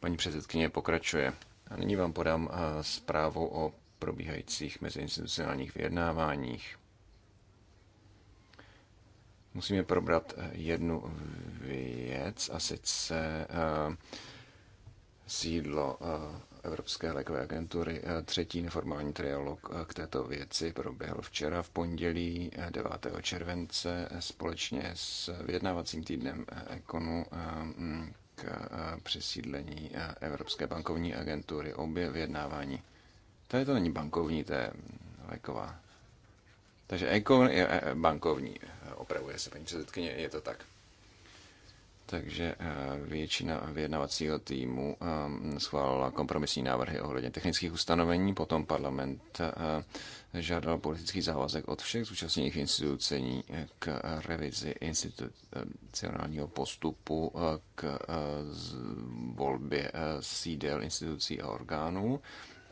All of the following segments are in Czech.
Paní předsedkyně pokračuje. A nyní vám podám eh, zprávu o probíhajících meziinstitucionálních vyjednáváních. Musíme probrat eh, jednu věc, a sice eh, sídlo Evropské lékové agentury. Eh, třetí neformální trialog eh, k této věci proběhl včera v pondělí 9. Eh, července společně s vyjednávacím týdnem Ekonu mm, k přesídlení Evropské bankovní agentury. Obě vyjednávání. je to není bankovní, to je mm, léková. Takže Ekon je bankovní. Opravuje se paní předsedkyně, je to tak takže eh, většina vyjednavacího týmu eh, schválila kompromisní návrhy ohledně technických ustanovení, potom parlament eh, žádal politický závazek od všech zúčastněných institucí k revizi institucionálního postupu, k volbě sídel institucí a orgánů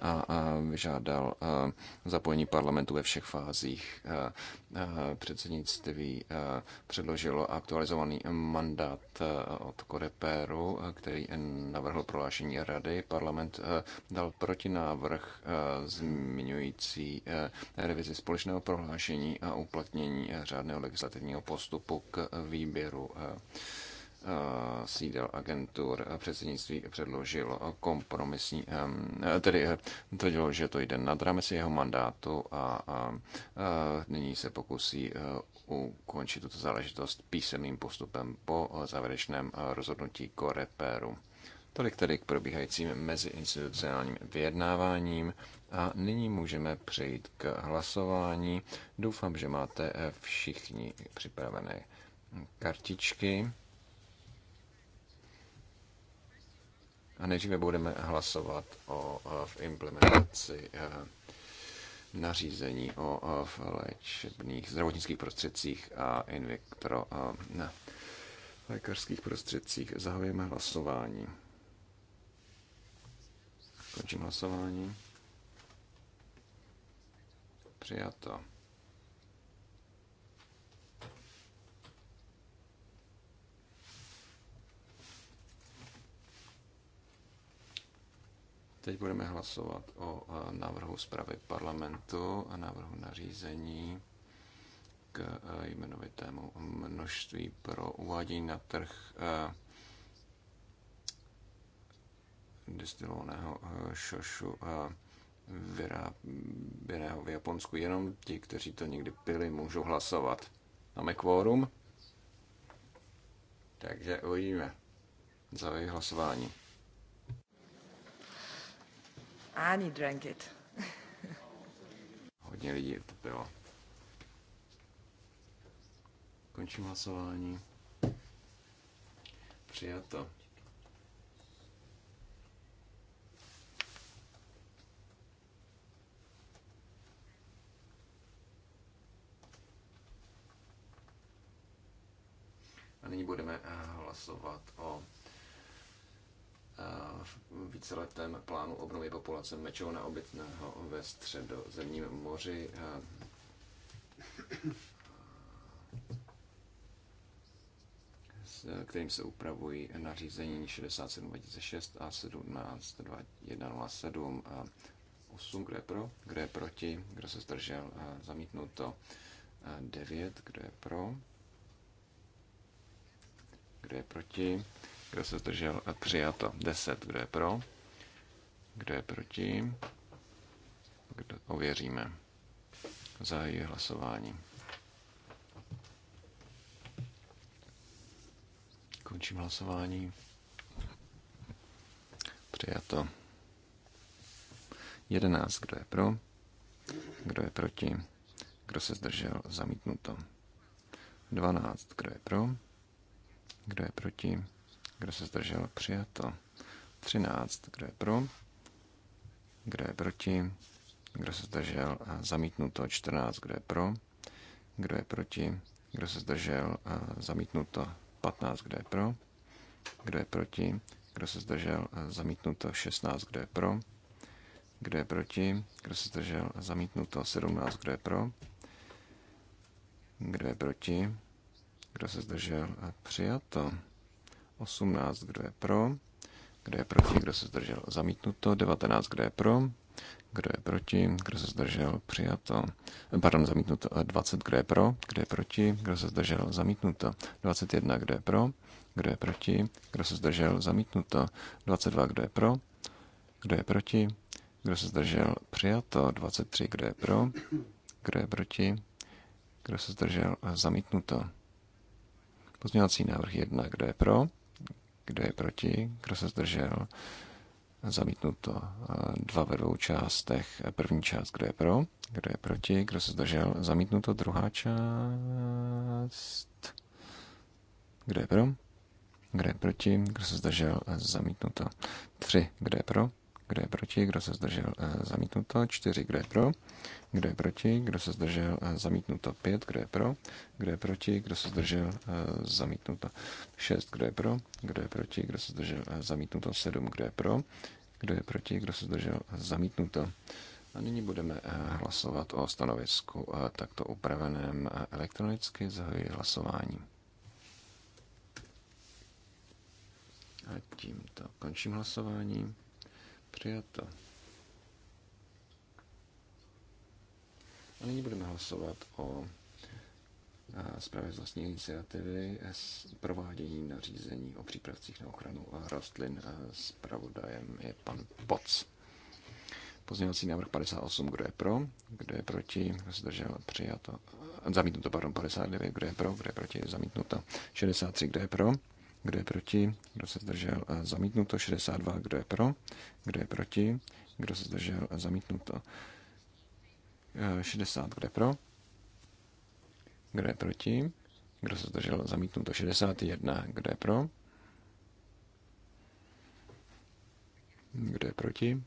a, a vyžádal a, zapojení parlamentu ve všech fázích. A, a, předsednictví a, předložilo aktualizovaný mandát od Korepéru, který navrhl prohlášení rady. Parlament a, dal protinávrh a, zmiňující a, revizi společného prohlášení a uplatnění řádného legislativního postupu k výběru. A, Eh, sídel agentur předsednictví předložilo kompromisní, eh, tedy eh, tvrdilo, že to jde nad rámec jeho mandátu a, a, a nyní se pokusí ukončit tuto záležitost písemným postupem po závěrečném rozhodnutí Koreperu. Tolik tedy k probíhajícím meziinstitucionálním vyjednáváním a nyní můžeme přejít k hlasování. Doufám, že máte všichni připravené kartičky. A nejdříve budeme hlasovat o, v implementaci eh, nařízení o v léčebných zdravotnických prostředcích a in vitro eh, na lékařských prostředcích. Zahajujeme hlasování. Končím hlasování. Přijato. Teď budeme hlasovat o návrhu zprávy parlamentu a návrhu nařízení k jmenovitému množství pro uvádění na trh destilovaného šošu vyráběného v Japonsku. Jenom ti, kteří to někdy pili, můžou hlasovat. Máme kvórum? Takže uvidíme. Zavěj hlasování. Ani drank it. Hodně lidí to bylo. Končím hlasování. Přijato. A nyní budeme eh, hlasovat o v víceletém plánu obnovy populace mečovna obytného ve středozemním moři. S kterým se upravují nařízení 67 a 17 a 8, kdo je pro, kdo je proti, kdo se zdržel, zamítnuto 9, kdo je pro, kdo je proti kdo se zdržel? A Přijato. 10. Kdo je pro? Kdo je proti? Kdo ověříme? Zahajuji hlasování. Končím hlasování. Přijato. 11. Kdo je pro? Kdo je proti? Kdo se zdržel? Zamítnuto. 12. Kdo je pro? Kdo je proti? Kdo se zdržel? Přijato. 13. Kdo je pro? Kdo je proti? Kdo se zdržel? a Zamítnuto. 14. Kdo je pro? Kdo je proti? Kdo se zdržel? a Zamítnuto. 15. Kdo je pro? Kdo je proti? Kdo se zdržel? Zamítnuto. 16. Kdo je pro? Kdo je proti? Kdo se zdržel? Zamítnuto. 17. Kdo je pro? Kdo je proti? Kdo se zdržel? a Přijato. 18, kdo je pro, kdo je proti, kdo se zdržel, zamítnuto, 19, kdo je pro, kdo je proti, kdo se zdržel, přijato, pardon, zamítnuto, 20, kdo je pro, kdo je proti, kdo se zdržel, zamítnuto, 21, kdo je pro, kdo je proti, kdo se zdržel, zamítnuto, 22, kdo je pro, kdo je proti, kdo se zdržel, přijato, 23, kdo je pro, kdo je proti, kdo se zdržel, zamítnuto. Pozměňovací návrh 1, kdo je pro, kdo je proti? Kdo se zdržel? Zamítnuto eh, dva ve dvou částech. První část, kdo je pro? Kdo je proti? Kdo se zdržel? Zamítnuto druhá část. Kdo je pro? Kdo je proti? Kdo se zdržel? Zamítnuto. Tři. Kdo je pro? Kdo je proti? Kdo se zdržel? Eh, zamítnuto. 4. Kdo je pro? Kdo je proti? Kdo se zdržel? Eh, zamítnuto. 5. Kdo je pro? Kdo je proti? Kdo se zdržel? Eh, zamítnuto. 6. Kdo je pro? Kdo je proti? Kdo se zdržel? Zamítnuto. 7. Kdo je pro? Kdo je proti? Kdo se zdržel? Zamítnuto. A nyní budeme hlasovat o stanovisku takto upraveném elektronicky. Zahajuji hlasování. A tímto končím hlasování. Přijato. A nyní budeme hlasovat o zprávě z vlastní iniciativy s provádění nařízení o přípravcích na ochranu rostlin. Zpravodajem je pan Poc. Pozměňovací návrh 58, kdo je pro, kdo je proti, kdo se držel, přijato, zamítnuto, pardon, 59, kdo je pro, kdo je proti, zamítnuto, 63, kdo je pro, kdo je proti? Kdo se zdržel? Zamítnuto. 62. Kdo je pro? Kdo je proti? Kdo se zdržel? Zamítnuto. 60. Kdo je pro? Kdo je proti? Kdo se zdržel? Zamítnuto. 61. Kdo je pro? Kdo je proti?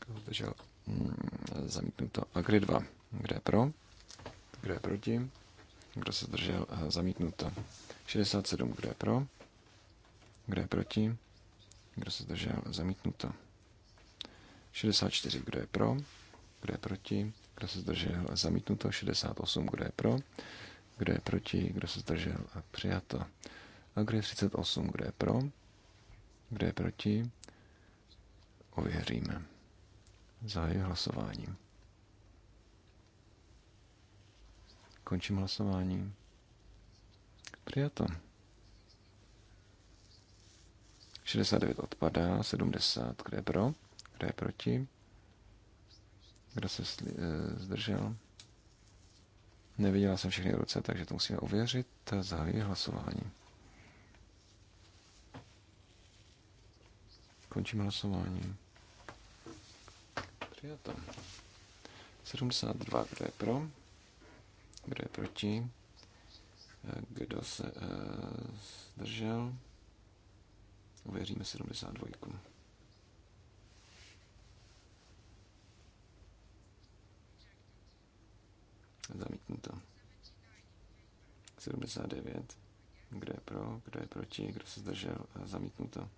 Kdo se zdržel? Zamítnuto. A kdy 2? Kdo je pro? Kdo je proti? Kdo se zdržel? Zamítnuto. 67. Kdo je pro? Kdo je proti? Kdo se zdržel? Zamítnuto. 64. Kdo je pro? Kdo je proti? Kdo se zdržel? Zamítnuto. 68. Kdo je pro? Kdo je proti? Kdo se zdržel? Přijato. A kdo je 38? Kdo je pro? Kdo je proti? Ověříme. Zahajuji hlasování. Končím hlasování. Přijato. 69 odpadá, 70, kde je pro, kde je proti, kdo se sli- eh, zdržel. Neviděla jsem všechny ruce, takže to musíme ověřit. Zahajuji hlasování. Končím hlasování. Přijato. 72, kdo je pro, kdo je proti, eh, kdo se eh, zdržel. Uvěříme 72. Zamítnuto. 79. Eh, eh, kdo je pro, kdo je proti, kdo se zdržel, zamítnuto.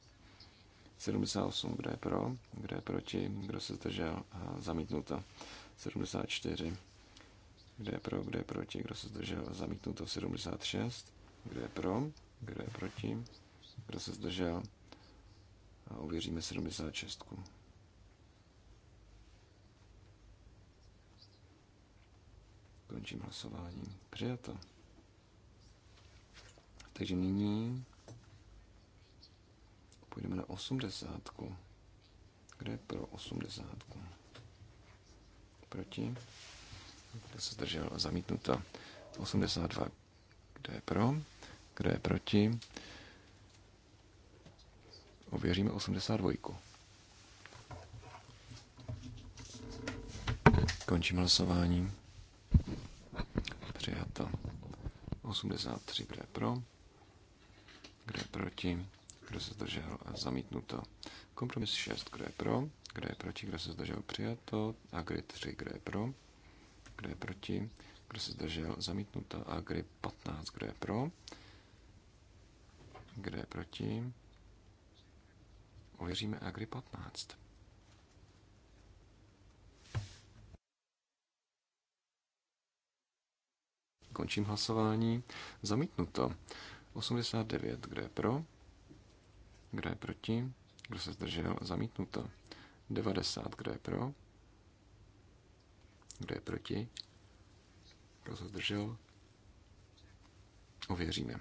78, kdo je pro, kdo je proti, kdo se zdržel, zamítnuto. 74, kdo je pro, kdo je proti, kdo se zdržel, zamítnuto. 76, kdo je pro, kdo je proti, kdo se zdržel, a uvěříme 76. Končím hlasování. Přijato. Takže nyní půjdeme na 80. Kde je pro 80? Proti? Kdo se zdržel? Zamítnuto. 82. Kdo je pro? Kdo je proti? Ověříme 82. Končím hlasování. Přijato. 83, kdo je pro, kdo je proti, kdo se zdržel a zamítnuto. Kompromis 6, kdo je pro, kdo je proti, kdo se zdržel přijato, a kdy 3, kdo je pro, kdo je proti, kdo se zdržel zamítnuto, a kdy 15, kdo je pro, kdo je proti, ověříme Agri 15. Končím hlasování. Zamítnuto. 89. Kdo je pro? Kdo je proti? Kdo se zdržel? Zamítnuto. 90. Kdo je pro? Kdo je proti? Kdo se zdržel? Ověříme.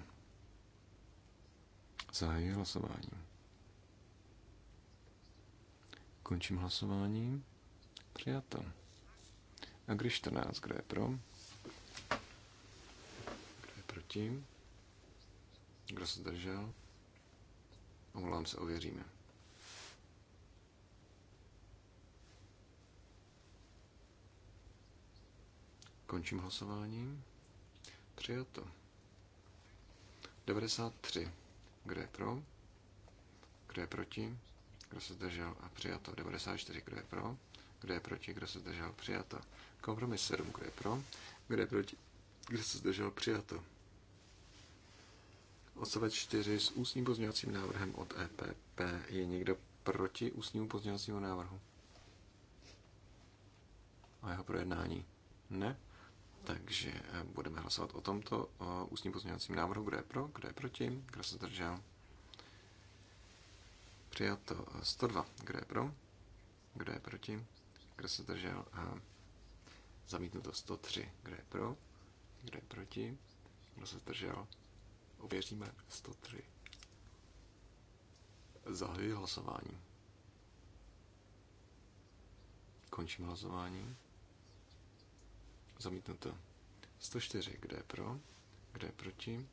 Zahajuji hlasování. Končím hlasování. Přijato. A když 14, kdo je pro? Kdo je proti? Kdo se zdržel? Omlouvám se, ověříme. Končím hlasování. Přijato. 93. Kdo je pro? Kdo je proti? kdo se zdržel a přijato. 94, kdo je pro, kdo je proti, kdo se zdržel, přijato. Kompromis 7, kdo je pro, kdo je proti, kdo se zdržel, přijato. Odstavec 4 s ústním pozměňovacím návrhem od EPP. Je někdo proti ústnímu pozměňovacímu návrhu? A jeho projednání? Ne? Takže eh, budeme hlasovat o tomto o eh, ústním pozměňovacím návrhu. Kdo je pro, kdo je proti, kdo se zdržel? Přijato 102. Kdo je pro? Kdo je proti? Kdo se zdržel? A zamítnuto 103. Kdo je pro? Kdo je proti? Kdo se zdržel? Uvěříme 103. Zahajuji hlasování. Končím hlasování. Zamítnuto 104. Kdo je pro? Kdo je proti?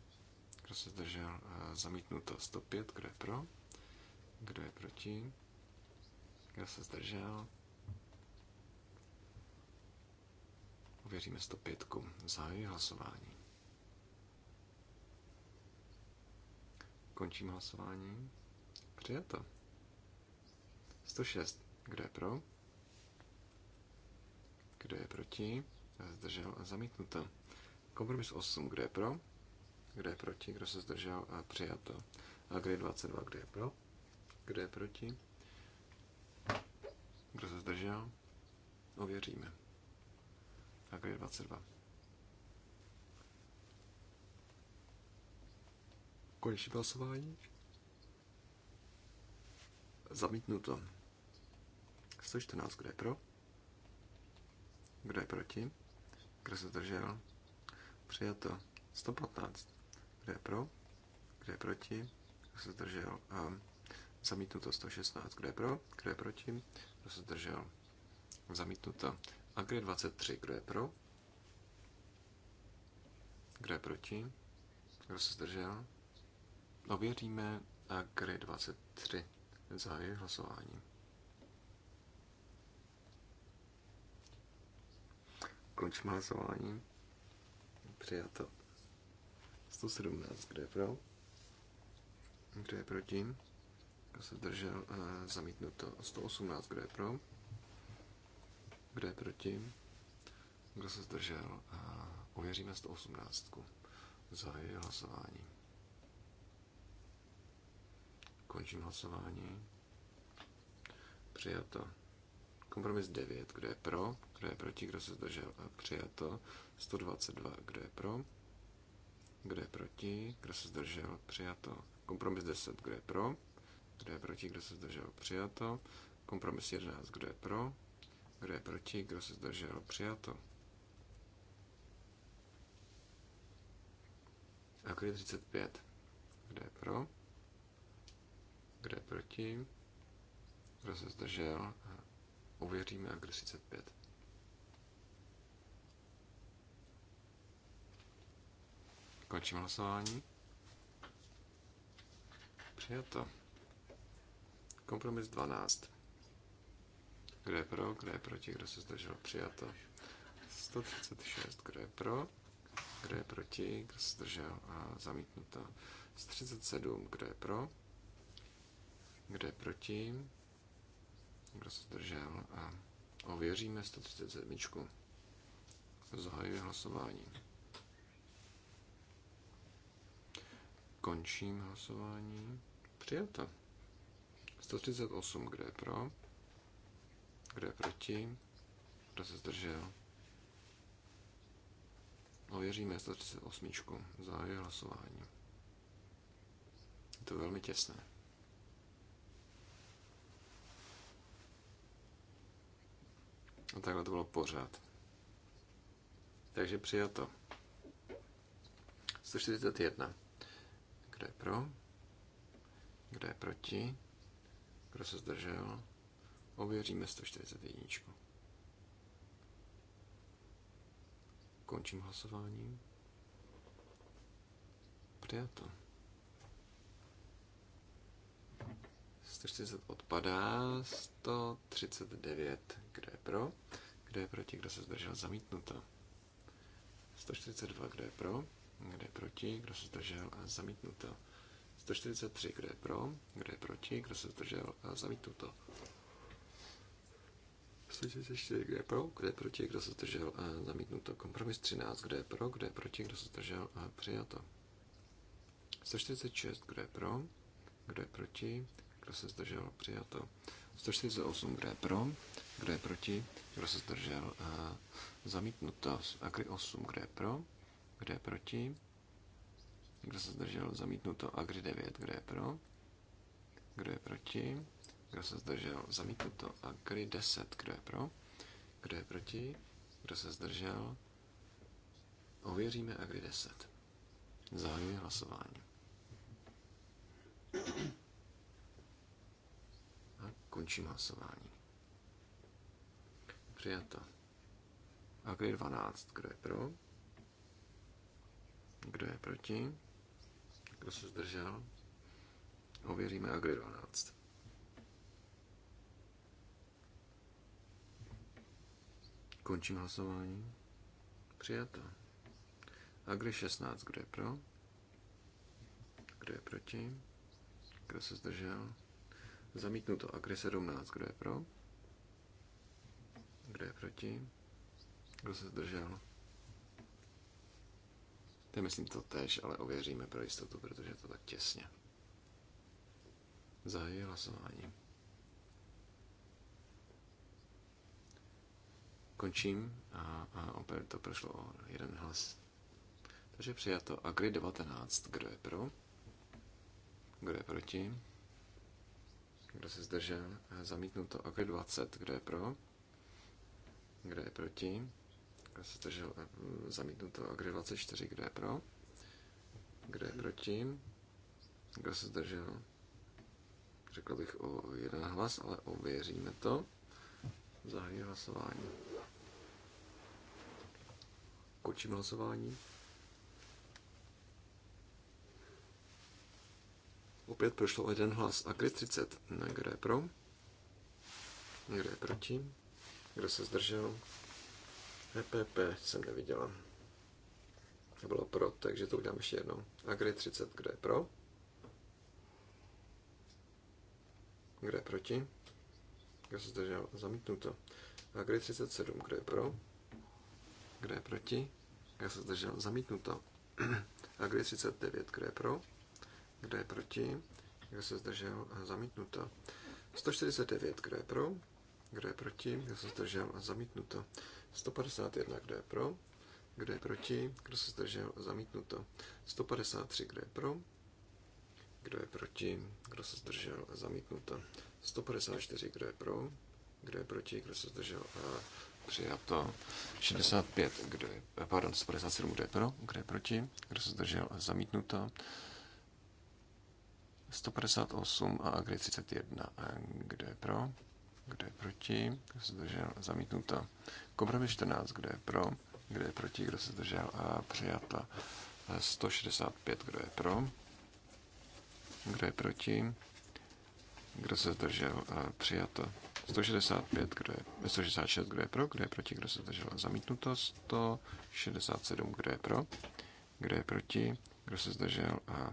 Kdo se zdržel? Zamítnuto 105. Kdo je pro? Kdo je proti? Kdo se zdržel? Uvěříme 105. Zahajuji hlasování. Končím hlasování. Přijato. 106. Kdo je pro? Kdo je proti? Zdržel a zamítnuto. Kompromis 8. Kdo je pro? Kdo je proti? Kdo se zdržel? A přijato. A kdy 22? Kdo je pro? Kdo je proti? Kdo se zdržel? Ověříme. Tak je 22. Konečné hlasování. Zamítnuto. 114, kdo je pro? Kdo je proti? Kdo se zdržel? Přijato. 115. Kdo je pro? Kdo je proti? Kdo se zdržel? Um, Zamítnuto 116. Kdo je pro? Kdo je proti? Kdo se zdržel? Zamítnuto. A je 23? Kdo je pro? Kdo je proti? Kdo se zdržel? Ověříme a kde 23. Zahajuji hlasování. Končíme hlasování. Přijato. 117. Kdo je pro? Kdo je proti? Kdo jako se zdržel? Eh, zamítnuto. 118. Kdo je pro? Kdo je proti? Kdo se zdržel? Eh, ověříme 118. Zahajuji hlasování. Končím hlasování. Přijato. Kompromis 9. Kdo je pro? Kdo je proti? Kdo se zdržel? Eh, přijato. 122. Kdo je pro? Kdo je proti? Kdo se zdržel? Přijato. Kompromis 10. Kdo je pro? Kdo je proti? Kdo se zdržel? Přijato. Kompromis 11. Kdo je pro? Kdo je proti? Kdo se zdržel? Přijato. A kdo je 35? Kdo je pro? Kdo je proti? Kdo se zdržel? Uvěříme a kdo 35. Končím hlasování. Přijato. Kompromis 12. Kdo je pro, kdo je proti, kdo se zdržel, přijato. 136, kdo je pro, kdo je proti, kdo se zdržel a zamítnuto. 137, kdo je pro, kdo je proti, kdo se zdržel a ověříme 137. Zahajuji hlasování. Končím hlasování. Přijato. 138, kdo je pro? Kdo je proti? Kdo se zdržel? Ověříme 138. Zahajuji hlasování. Je to velmi těsné. A takhle to bylo pořád. Takže přijato. 141. Kdo je pro? Kdo je proti? Kdo se zdržel? Ověříme 141. Končím hlasování. Přijato. 140 odpadá, 139, kdo je pro, kdo je proti, kdo se zdržel, zamítnuto. 142, kdo je pro, kdo je proti, kdo se zdržel a zamítnuto. 143, kdo je pro, kdo je proti, kdo se zdržel, to. 144, kdo je pro, kdo je proti, kdo se zdržel, to. Kompromis 13, kdo je pro, kdo je proti, kdo se zdržel, přijato. 146, kdo je pro, kdo je proti, kdo se zdržel, přijato. 148, kdo je pro, kdo je proti, kdo se zdržel, zamítnuto. Agri 8, kdo je pro, kdo je proti, kdo se zdržel? Zamítnuto. A Agri 9. Kdo je pro? Kdo je proti? Kdo se zdržel? Zamítnuto. A Agri 10. Kdo je pro? Kdo je proti? Kdo se zdržel? Ověříme a Agri 10. Zahajuji hlasování. A končím hlasování. Přijato. A Agri 12. Kdo je pro? Kdo je proti? Kdo se zdržel? Ověříme Agri 12. Končím hlasování. Přijato. Agri 16. Kdo je pro? Kdo je proti? Kdo se zdržel? Zamítnuto. Agri 17. Kdo je pro? Kdo je proti? Kdo se zdržel? To je myslím to tež, ale ověříme pro jistotu, protože je to tak těsně. Zahajuji hlasování. Končím a, a opět to prošlo o jeden hlas. Takže přijato kdy 19. Kdo je pro? Kdo je proti? Kdo se zdržel? Zamítnuto kdy 20. Kdo je pro? Kdo je proti? se zdržel mm, to. Agri 24, kdo je pro, kdo je proti, kdo se zdržel, řekl bych o jeden hlas, ale ověříme to. Zahajuji hlasování. Končím hlasování. Opět prošlo jeden hlas. Agri 30. Kdo je pro? Kdo je proti? Kdo se zdržel? EPP jsem neviděla. Bylo pro, takže to udělám ještě jednou. Agri 30, kde je pro? Kde je proti? Kdo se zdržel? Zamítnuto. Agri 37, kde je pro? Kde je proti? Já se zdržel? Zamítnuto. Agri 39, kde je pro? Kde je proti? Já se zdržel? Zamítnuto. 149, kdo je pro? Kdo je proti? Kdo se zdržel? Zamítnuto. 151. Kdo je pro? Kdo je proti? Kdo se zdržel? Zamítnuto. 153. Kdo je pro? Kdo je proti? Kdo se zdržel? Zamítnuto. 154. Kdo je pro? Kdo je proti? Kdo se zdržel? Přijato. 65. Kdo je, eh, pardon, 157. Kdo je pro? Kdo je proti? Kdo se zdržel? Zamítnuto. 158 a Agri 31. Eh, kdo je pro? kdo je proti, kdo se zdržel, zamítnuto. Kompromis 14, kdo je pro, kdo je proti, kdo se zdržel a přijata 165, kdo je pro, kdo je proti, kdo se zdržel a přijato 165, kdo je, 166, kdo je pro, kdo je proti, kdo se zdržel a zamítnuto 167, kdo je pro, kdo je proti, kdo se zdržel a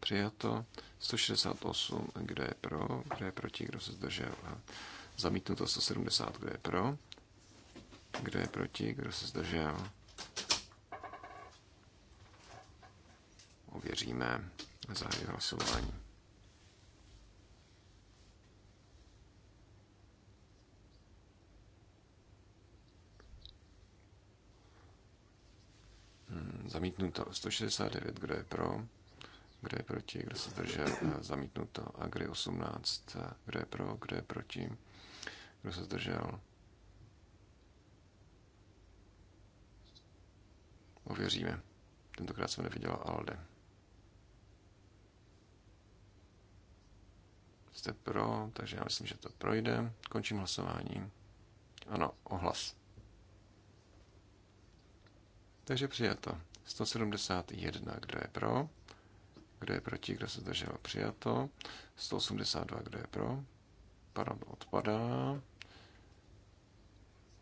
přijato 168, kdo je pro, kdo je proti, kdo se zdržel a Zamítnuto 170, kdo je pro? Kdo je proti? Kdo se zdržel? Ověříme. Zahajuji hlasování. Hmm, zamítnuto 169, kdo je pro, kdo je proti, kdo se zdržel, eh, zamítnuto Agri 18, eh, kdo je pro, kdo je proti, kdo se zdržel? Ověříme. Tentokrát jsem neviděla Alde. Jste pro, takže já myslím, že to projde. Končím hlasování. Ano, ohlas. Takže přijato. 171, kdo je pro, kdo je proti, kdo se zdržel, přijato. 182, kdo je pro, pardon, odpadá.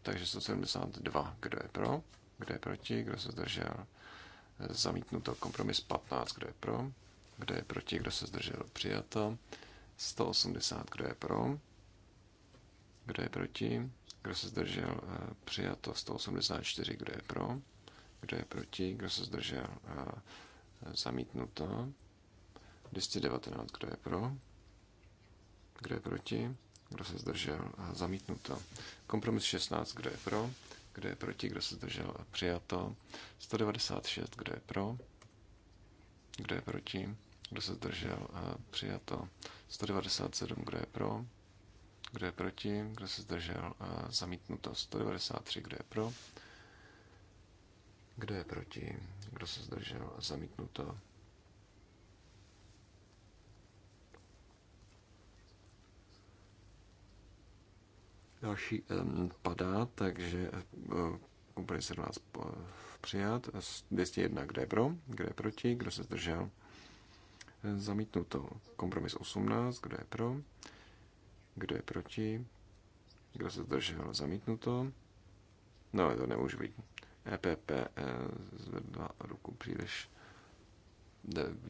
Takže 172. Kdo je pro? Kdo je proti? Kdo se zdržel? Zamítnuto. Kompromis 15. Kdo je pro? Kdo je proti? Kdo se zdržel? Přijato. 180. Kdo je pro? Kdo je proti? Kdo se zdržel? Přijato. 184. Kdo je pro? Kdo je proti? Kdo se zdržel? Zamítnuto. 219. Kdo je pro? Kdo je proti? Kdo se zdržel? Zamítnuto. Kompromis 16. Kdo je pro? Kdo je proti? Kdo se zdržel? Přijato. 196. Kdo je pro? Kdo je proti? Kdo se zdržel? Přijato. 197. Kdo je pro? Kdo je proti? Kdo se zdržel? Zamítnuto. 193. Kdo je pro? Kdo je proti? Kdo se zdržel? Zamítnuto. Další padá, takže kompromis eh, 17 eh, přijat. 201, kde je pro, kde je proti, kdo se zdržel. Zamítnuto. Kompromis 18, kdo je pro, kdo je proti, kdo se zdržel. Zamítnuto. No, to nemůže být. EPP eh, zvedla ruku příliš.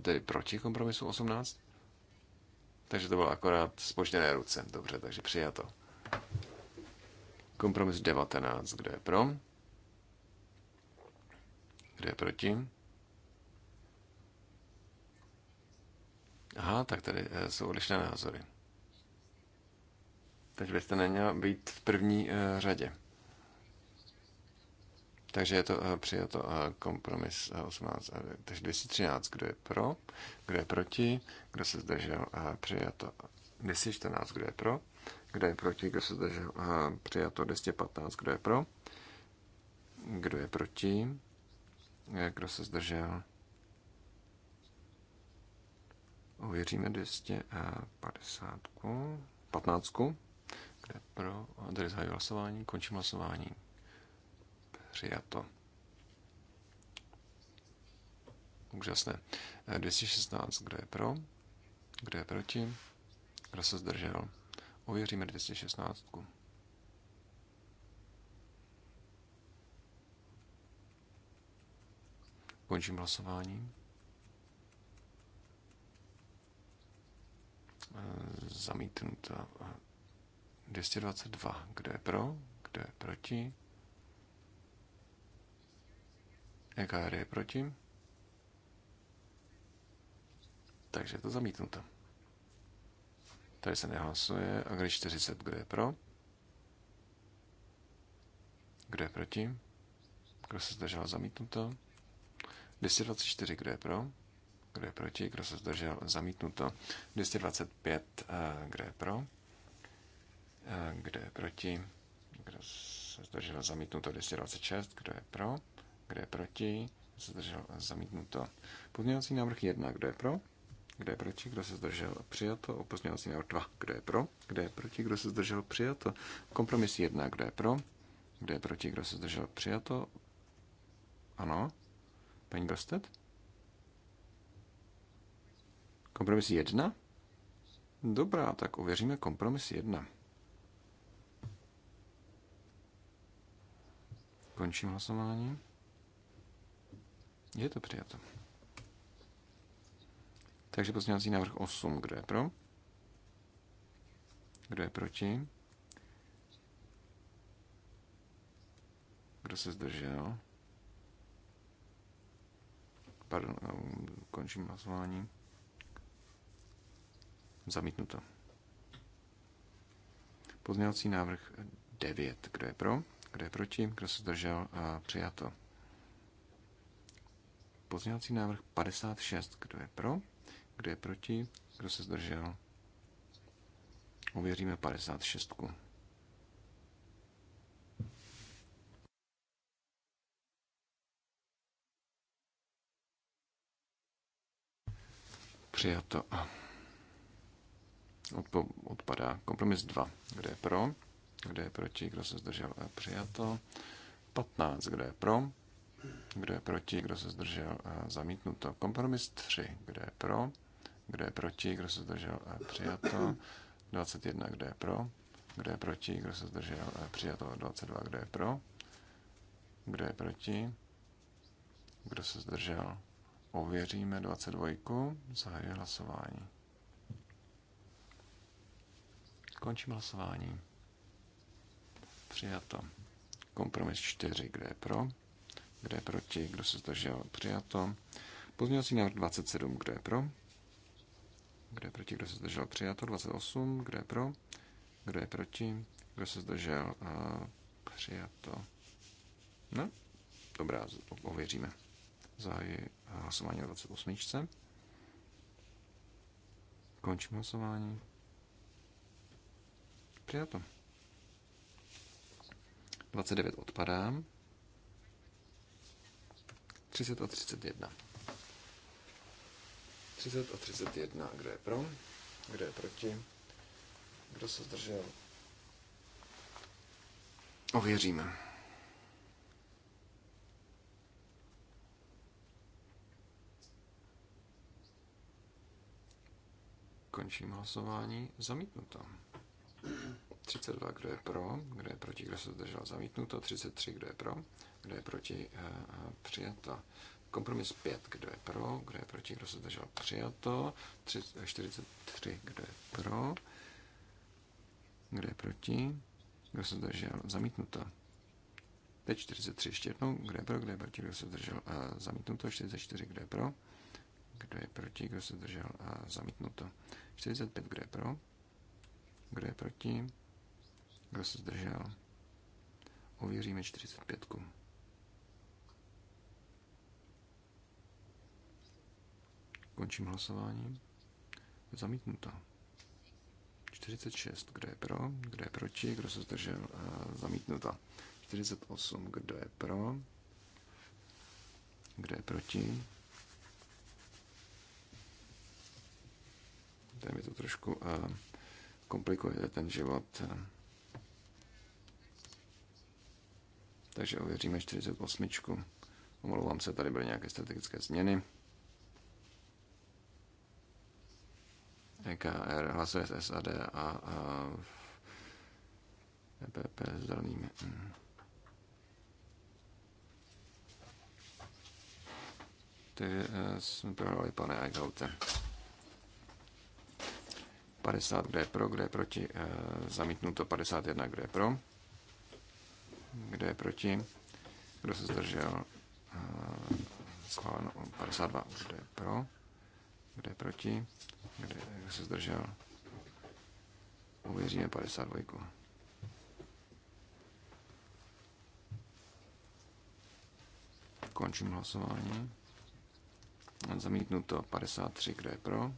Tedy proti kompromisu 18? Takže to bylo akorát spočněné ruce. Dobře, takže přijato. Kompromis 19. Kdo je pro? Kdo je proti? Aha, tak tady eh, jsou odlišné názory. Teď byste neměl být v první eh, řadě. Takže je to uh, přijato uh, kompromis uh, 18, uh, takže 213, kdo je pro, kdo je proti, kdo se zdržel, uh, přijato 214, kdo je pro, kdo je proti? Kdo se zdržel? Přijato 215. Eh, eh, kdo je pro? Kdo je proti? Kdo se zdržel? Ověříme 250. 15. kdo je pro? Tady zahajuji hlasování. Končím hlasování. Přijato. Úžasné. 216. Kdo je pro? Kdo je proti? Kdo se zdržel? Ověříme 216. Končím hlasování. Eh, Zamítnuta 222. Kdo je pro? Kdo je proti? EKR je proti. Takže je to zamítnuto. Tady se nehlasuje. A když 40, kdo je pro? Kdo je proti? Kdo se zdržel zamítnuto? 224, kdo je pro? Kdo je proti? Kdo se zdržel zamítnuto? 225, eh, kdo je pro? Eh, kdo je proti? Kdo se zdržel zamítnuto? 226, kdo je pro? Kdo je proti? Kdo se zdržel zamítnuto? Pozměňovací návrh 1, kdo je pro? Kdo je proti? Kdo se zdržel? Přijato. Opozněvací návrh 2. Kdo je pro? Kdo je proti? Kdo se zdržel? Přijato. Kompromis 1. Kdo je pro? Kdo je proti? Kdo se zdržel? Přijato. Ano. Paní Gostet? Kompromis 1? Dobrá, tak uvěříme kompromis 1. Končím hlasování. Je to přijato. Takže pozměňovací návrh 8. Kdo je pro? Kdo je proti? Kdo se zdržel? Pardon, eh, končím hlasování. Zamítnuto. Pozměňovací návrh 9. Kdo je pro? Kdo je proti? Kdo se zdržel? A eh, přijato. Pozměňovací návrh 56. Kdo je pro? Kdo je proti? Kdo se zdržel? Uvěříme 56. Přijato. Odpo- odpadá kompromis 2. Kdo je pro? Kdo je proti? Kdo se zdržel? Přijato. 15. Kdo je pro? Kdo je proti? Kdo se zdržel? Eh, zamítnuto. Kompromis 3. Kdo je pro? Kdo je proti? Kdo se zdržel? Eh, přijato. 21. Kdo je pro? Kdo je proti? Kdo se zdržel? Eh, přijato. 22. Kdo je pro? Kdo je proti? Kdo se zdržel? Ověříme 22. Zahajuje hlasování. Končím hlasování. Přijato. Kompromis 4. Kdo je pro? Kdo je proti? Kdo se zdržel? Přijato. Pozměňovací návrh 27. Kdo je pro? Kdo je proti? Kdo se zdržel? Přijato. 28. Kdo je pro? Kdo je proti? Kdo se zdržel? Eh, přijato. No, dobrá, ověříme. Zahajuji eh, hlasování o 28. Končím hlasování. Přijato. 29 Odpadám. 30 a 31. 30 a 31. Kdo je pro? Kdo je proti? Kdo se zdržel? Ověříme. Končím hlasování. Zamítnuto. 32, kdo je pro, kdo je proti, kdo se zdržel, zamítnuto. 33, kdo je pro, kdo je proti, uh, přijato. Kompromis 5, kdo je pro, kdo je proti, kdo se zdržel, přijato. 3, 43, kdo je pro, kdo je proti, kdo se zdržel, zamítnuto. Teď 43 ještě jednou, kdo je pro, kdo je proti, kdo se zdržel, zamítnuto. 44, kdo je pro, kdo je proti, kdo se zdržel, zamítnuto. 45, kdo je pro, kdo je proti, kdo se zdržel. Ověříme 45. Končím hlasování. zamítnuto 46. Kdo je pro? Kdo je proti? Kdo se zdržel? Eh, zamítnuto 48. Kdo je pro? Kdo je proti? Tady mi to trošku eh, komplikuje ten život. Takže ověříme 48. Omlouvám se, tady byly nějaké strategické změny. R hlasuje s SAD a, a EPP s zelenými. Takže eh, jsme prohráli, pane Eichhaute. 50, kde je pro, kde je proti, eh, zamítnuto 51, kde je pro, kde je proti, kdo se zdržel, eh, schváleno 52, kde je pro kde je proti? Kdo se zdržel? Uvěříme 52. Končím hlasování. Zamítnuto 53. kde je pro?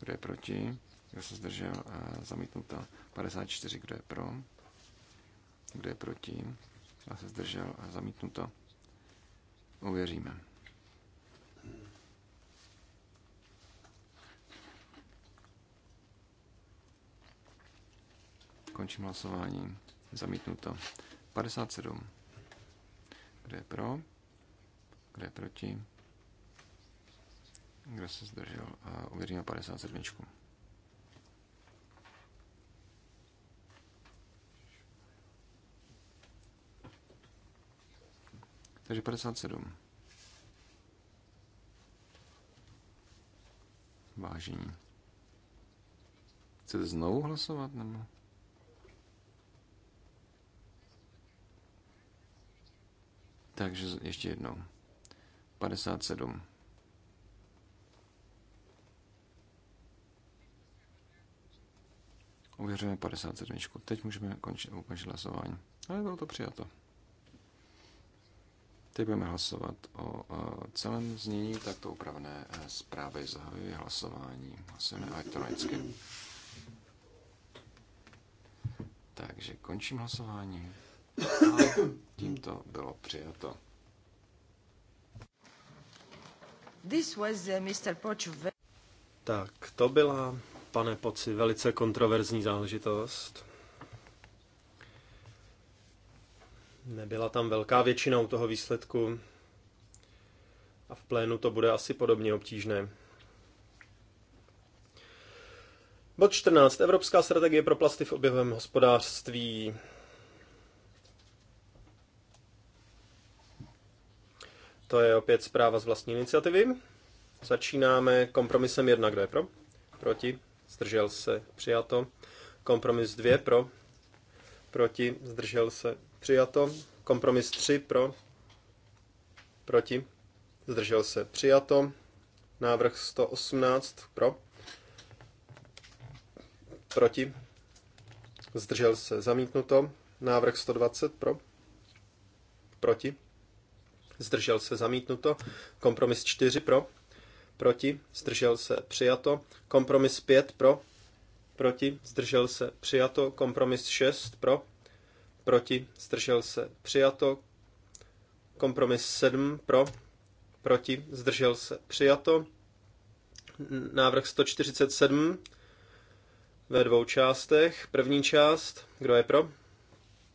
kde je proti? Kdo se zdržel? Zamítnuto 54. Kdo je pro? Kdo je proti? Kdo se zdržel? Eh, zamítnuto. Eh, Uvěříme. Končím hlasování. Zamítnuto. 57. Kdo je pro? Kdo je proti? Kdo se zdržel? A uvěříme 57. Takže 57. Vážení. Chcete znovu hlasovat? Nebo? Takže ještě jednou. 57. Uvěřujeme 57. Teď můžeme končit, ukončit hlasování. Ale bylo to přijato. Teď budeme hlasovat o celém znění takto upravené eh, zprávy. Zahajuji hlasování. Hlasujeme elektronicky. Takže končím hlasování. A tímto bylo přijato. This was, uh, Mr. Pochuve. Tak, to byla, pane Poci, velice kontroverzní záležitost. Nebyla tam velká většina u toho výsledku a v plénu to bude asi podobně obtížné. Bod 14. Evropská strategie pro plasty v objevém hospodářství. To je opět zpráva z vlastní iniciativy. Začínáme kompromisem 1, kdo je pro? Proti? Zdržel se? Přijato. Kompromis 2 pro? Proti? Zdržel se? Přijato. Kompromis 3 pro? Proti? Zdržel se? Přijato. Návrh 118 pro? Proti? Zdržel se? Zamítnuto. Návrh 120 pro? Proti? zdržel se zamítnuto, kompromis 4 pro, proti, zdržel se přijato, kompromis 5 pro, proti, zdržel se přijato, kompromis 6 pro, proti, zdržel se přijato, kompromis 7 pro, proti, zdržel se přijato, návrh 147 ve dvou částech, první část, kdo je pro,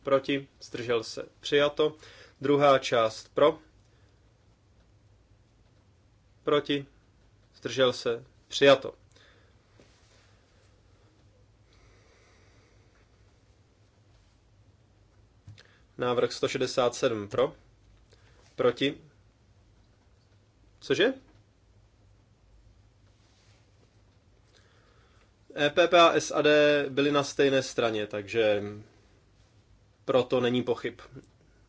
proti, zdržel se přijato, druhá část pro, proti, zdržel se, přijato. Návrh 167 pro, proti, cože? EPP a SAD byly na stejné straně, takže proto není pochyb.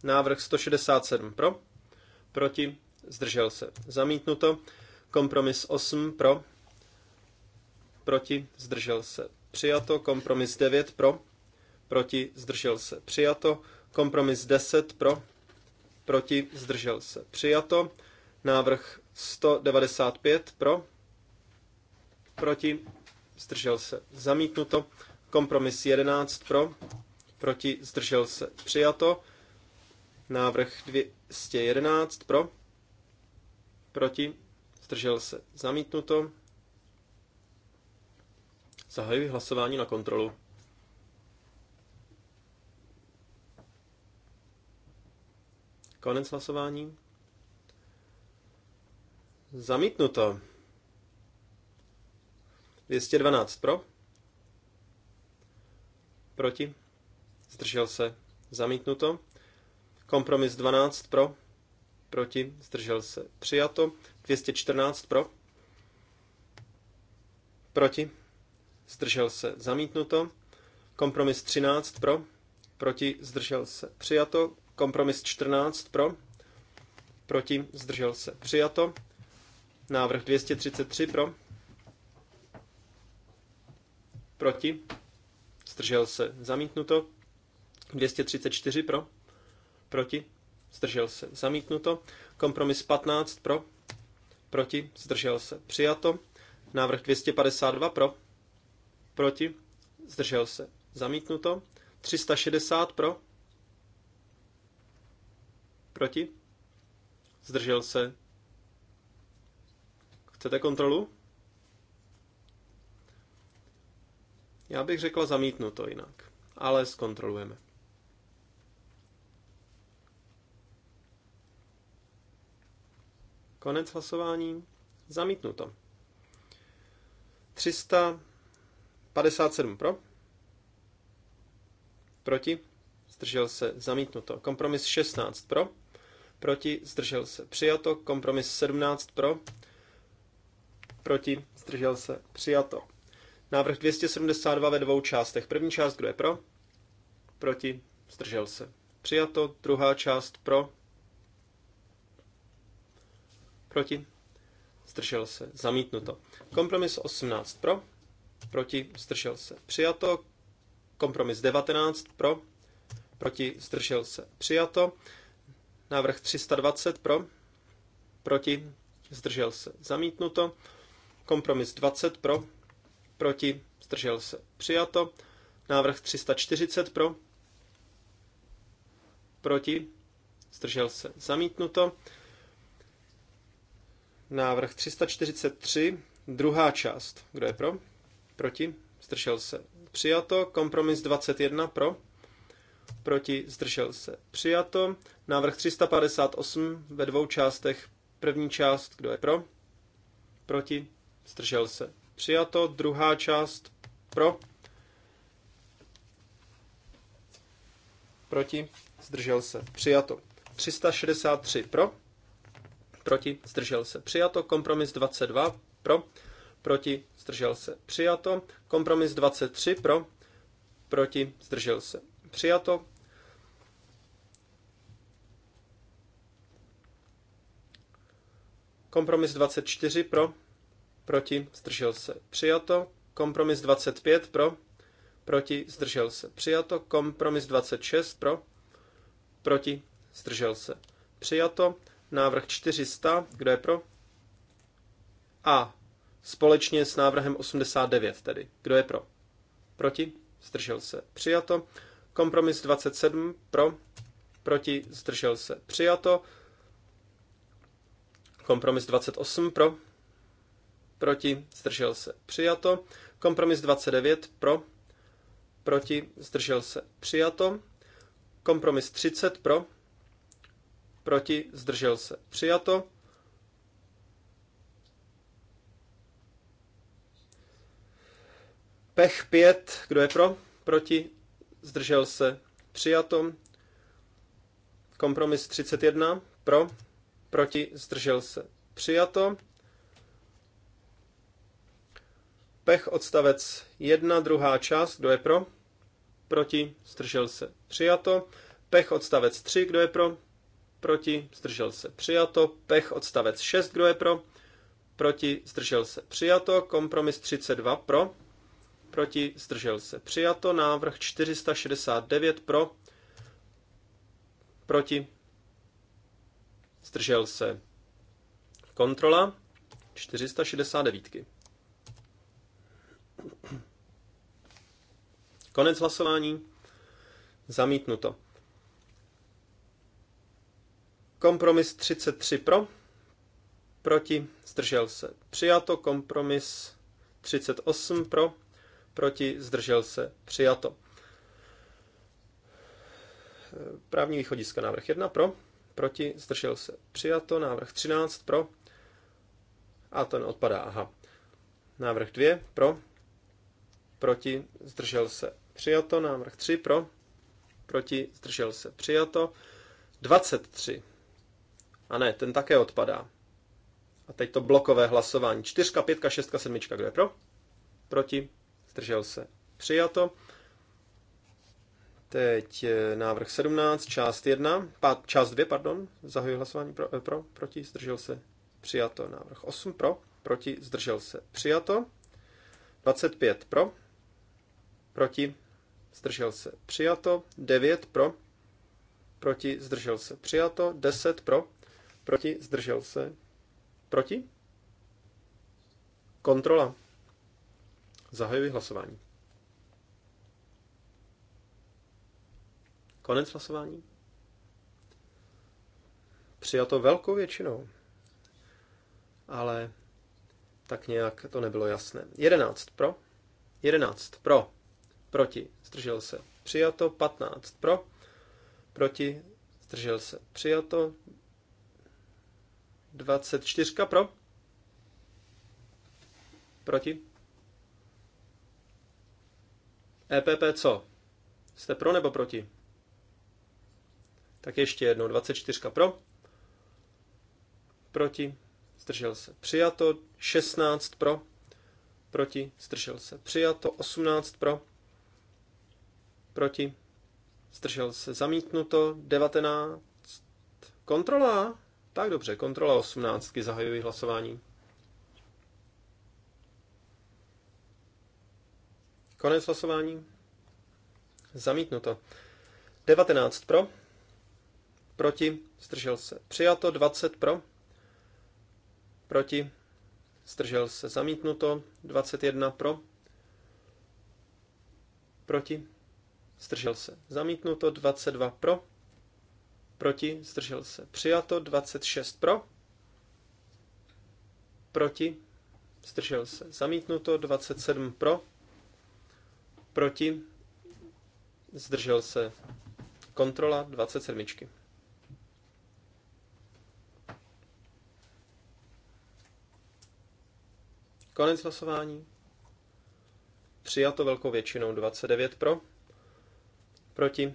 Návrh 167 pro, proti, zdržel se. Zamítnuto. Kompromis 8 pro, proti, zdržel se. Přijato. Kompromis 9 pro, proti, zdržel se. Přijato. Kompromis 10 pro, proti, zdržel se. Přijato. Návrh 195 pro, proti, zdržel se. Zamítnuto. Kompromis 11 pro, proti, zdržel se. Přijato. Návrh 211 pro, proti, zdržel se, zamítnuto. Zahajuji hlasování na kontrolu. Konec hlasování. Zamítnuto. 212 pro. Proti. Zdržel se. Zamítnuto. Kompromis 12 pro proti, zdržel se, přijato. 214 pro, proti, zdržel se, zamítnuto. Kompromis 13 pro, proti, zdržel se, přijato. Kompromis 14 pro, proti, zdržel se, přijato. Návrh 233 pro, proti, zdržel se, zamítnuto. 234 pro, proti, zdržel se, zamítnuto. Kompromis 15 pro, proti, zdržel se, přijato. Návrh 252 pro, proti, zdržel se, zamítnuto. 360 pro, proti, zdržel se. Chcete kontrolu? Já bych řekla zamítnuto jinak, ale zkontrolujeme. Konec hlasování. Zamítnuto. 357 pro. Proti. Zdržel se. Zamítnuto. Kompromis 16 pro. Proti. Zdržel se. Přijato. Kompromis 17 pro. Proti. Zdržel se. Přijato. Návrh 272 ve dvou částech. První část, kdo je pro? Proti. Zdržel se. Přijato. Druhá část pro. Proti? Zdržel se. Zamítnuto. Kompromis 18 pro. Proti? Zdržel se. Přijato. Kompromis 19 pro. Proti? Zdržel se. Přijato. Návrh 320 pro. Proti? Zdržel se. Zamítnuto. Kompromis 20 pro. Proti? Zdržel se. Přijato. Návrh 340 pro. Proti? Zdržel se. Zamítnuto. Návrh 343, druhá část. Kdo je pro? Proti? Zdržel se. Přijato. Kompromis 21 pro. Proti? Zdržel se. Přijato. Návrh 358 ve dvou částech. První část. Kdo je pro? Proti? Zdržel se. Přijato. Druhá část. Pro. Proti? Zdržel se. Přijato. 363 pro proti, zdržel se přijato, kompromis 22 pro, proti, zdržel se přijato, kompromis 23 pro, proti, zdržel se přijato, kompromis 24 pro, proti, zdržel se přijato, kompromis 25 pro, proti, zdržel se přijato, kompromis 26 pro, proti, zdržel se přijato, Návrh 400, kdo je pro? A. Společně s návrhem 89 tedy. Kdo je pro? Proti? Zdržel se. Přijato. Kompromis 27 pro. Proti? Zdržel se. Přijato. Kompromis 28 pro. Proti? Zdržel se. Přijato. Kompromis 29 pro. Proti? Zdržel se. Přijato. Kompromis 30 pro proti, zdržel se. Přijato. Pech 5, kdo je pro, proti, zdržel se. Přijato. Kompromis 31, pro, proti, zdržel se. Přijato. Pech odstavec 1, druhá část, kdo je pro? Proti, zdržel se. Přijato. Pech odstavec 3, kdo je pro? proti, zdržel se přijato, pech odstavec 6, kdo je pro, proti, zdržel se přijato, kompromis 32 pro, proti, zdržel se přijato, návrh 469 pro, proti, zdržel se kontrola 469. Konec hlasování. Zamítnuto. Kompromis 33 pro, proti, zdržel se. Přijato. Kompromis 38 pro, proti, zdržel se. Přijato. Právní východiska návrh 1 pro, proti, zdržel se. Přijato. Návrh 13 pro, a ten odpadá, aha. Návrh 2 pro, proti, zdržel se. Přijato. Návrh 3 pro, proti, zdržel se. Přijato. 23 a ne, ten také odpadá. A teď to blokové hlasování. čtyřka, pětka, šestka, sedmička. Kdo je pro? Proti? Zdržel se. Přijato. Teď eh, návrh 17, část 1, pa, část 2, pardon, zahajuji hlasování pro, eh, pro, proti, zdržel se, přijato. Návrh 8 pro, proti, zdržel se, přijato. 25 pro, proti, zdržel se, přijato. 9 pro, proti, zdržel se, přijato. 10 pro, Proti? Zdržel se? Proti? Kontrola. Zahajuji hlasování. Konec hlasování. Přijato velkou většinou. Ale tak nějak to nebylo jasné. 11 pro. 11 pro. Proti. Zdržel se. Přijato. 15 pro. Proti. Zdržel se. Přijato. 24 pro. Proti. EPP co? Jste pro nebo proti? Tak ještě jednou. 24 pro. Proti. Zdržel se. Přijato. 16 pro. Proti. Zdržel se. Přijato. 18 pro. Proti. Zdržel se. Zamítnuto. 19. Kontrola. Tak dobře, kontrola 18, zahajuji hlasování. Konec hlasování. Zamítnuto. 19 pro. Proti. Zdržel se. Přijato. 20 pro. Proti. Zdržel se. Zamítnuto. 21 pro. Proti. Zdržel se. Zamítnuto. 22 pro proti, zdržel se přijato, 26 pro, proti, zdržel se zamítnuto, 27 pro, proti, zdržel se kontrola 27. Konec hlasování. Přijato velkou většinou 29 pro, proti,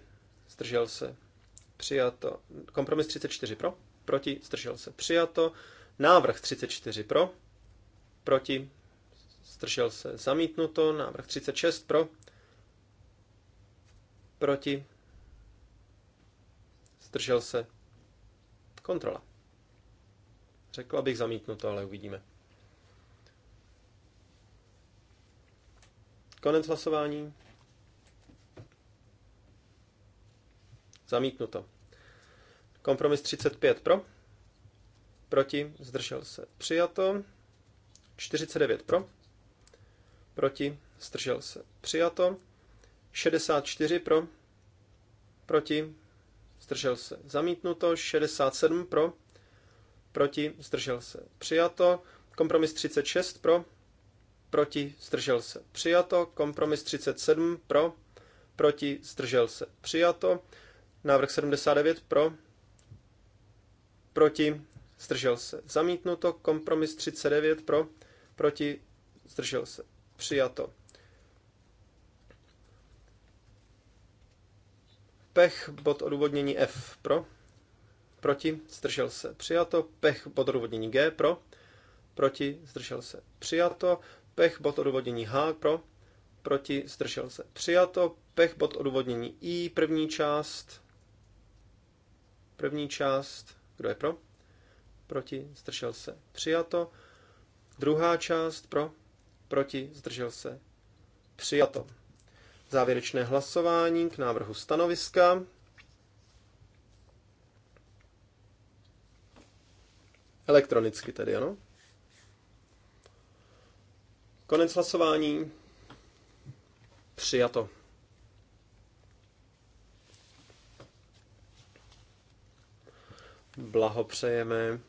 zdržel se přijato. Kompromis 34 pro, proti, zdržel se, přijato. Návrh 34 pro, proti, zdržel se, zamítnuto. Návrh 36 pro, proti, zdržel se, kontrola. Řekla bych zamítnuto, ale uvidíme. Konec hlasování. Zamítnuto. Kompromis 35 pro, proti, zdržel se, přijato. 49 pro, proti, zdržel se, přijato. 64 pro, proti, zdržel se, zamítnuto. 67 pro, proti, zdržel se, přijato. Kompromis 36 pro, proti, zdržel se, přijato. Kompromis 37 pro, proti, zdržel se, přijato. Návrh 79 pro, proti, zdržel se. Zamítnuto, kompromis 39 pro, proti, zdržel se. Přijato. Pech bod odůvodnění F pro, proti, zdržel se. Přijato. Pech bod odůvodnění G pro, proti, zdržel se. Přijato. Pech bod odůvodnění H pro, proti, zdržel se. Přijato. Pech bod odůvodnění I, první část, první část, kdo je pro? Proti, zdržel se. Přijato. Druhá část pro, proti, zdržel se. Přijato. Závěrečné hlasování k návrhu stanoviska. Elektronicky tedy, ano. Konec hlasování. Přijato. Blahopřejeme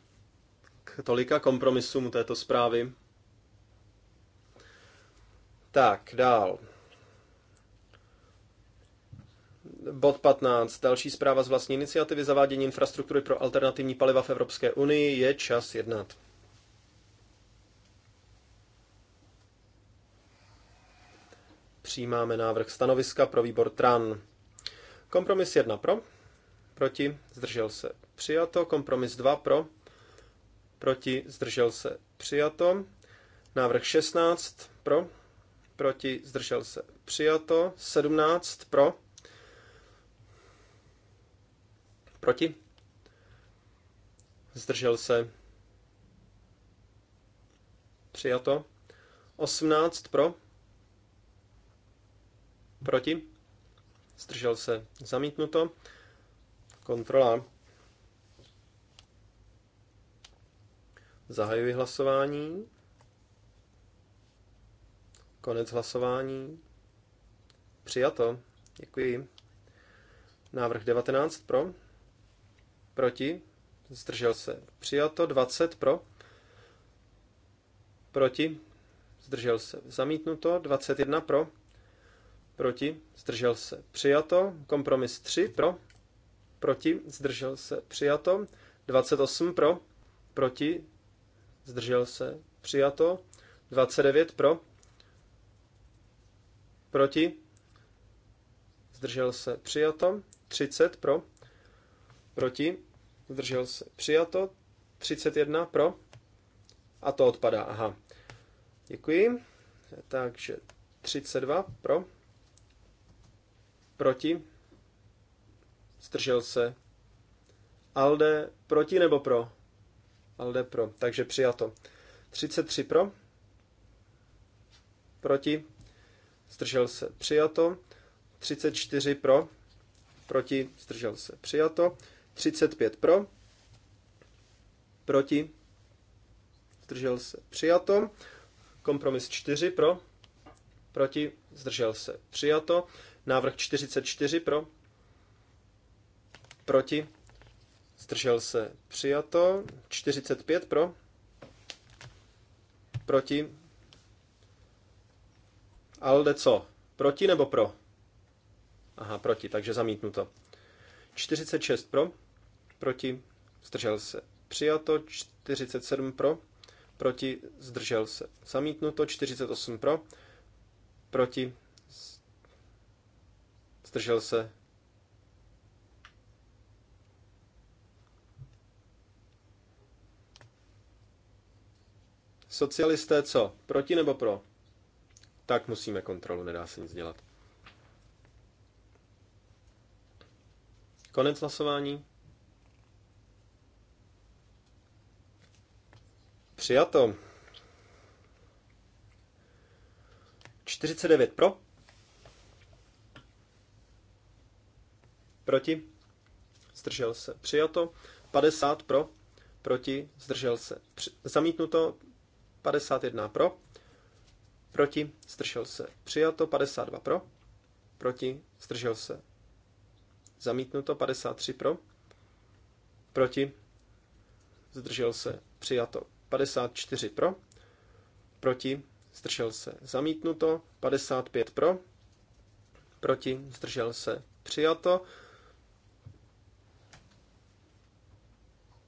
k tolika kompromisům této zprávy. Tak, dál. Bod 15. Další zpráva z vlastní iniciativy zavádění infrastruktury pro alternativní paliva v Evropské unii. Je čas jednat. Přijímáme návrh stanoviska pro výbor TRAN. Kompromis 1 pro proti, zdržel se, přijato. Kompromis 2 pro, proti, zdržel se, přijato. Návrh 16 pro, proti, zdržel se, přijato. 17 pro, proti, zdržel se, přijato. 18 pro, proti, zdržel se, zamítnuto. Kontrola. Zahajuji hlasování. Konec hlasování. Přijato. Děkuji. Návrh 19 pro. Proti. Zdržel se. Přijato. 20 pro. Proti. Zdržel se. Zamítnuto. 21 pro. Proti. Zdržel se. Přijato. Kompromis 3 pro proti, zdržel se, přijato. 28 pro, proti, zdržel se, přijato. 29 pro, proti, zdržel se, přijato. 30 pro, proti, zdržel se, přijato. 31 pro, a to odpadá, aha. Děkuji. Takže 32 pro, proti, zdržel se. Alde proti nebo pro? Alde pro, takže přijato. 33 pro, proti, zdržel se, přijato. 34 pro, proti, zdržel se, přijato. 35 pro, proti, zdržel se, přijato. Kompromis 4 pro, proti, zdržel se, přijato. Návrh 44 pro, proti, zdržel se přijato, 45 pro, proti, Alde co? Proti nebo pro? Aha, proti, takže zamítnuto. 46 pro, proti, zdržel se. Přijato, 47 pro, proti, zdržel se. Zamítnuto, 48 pro, proti, zdržel se. Socialisté co? Proti nebo pro? Tak musíme kontrolu, nedá se nic dělat. Konec hlasování. Přijato. 49 pro. Proti. Zdržel se. Přijato. 50 pro. Proti. Zdržel se. Při... Zamítnuto. 51 pro, proti, zdržel se, přijato, 52 pro, proti, zdržel se, zamítnuto, 53 pro, proti, zdržel se, přijato, 54 pro, proti, zdržel se, zamítnuto, 55 pro, proti, zdržel se, přijato,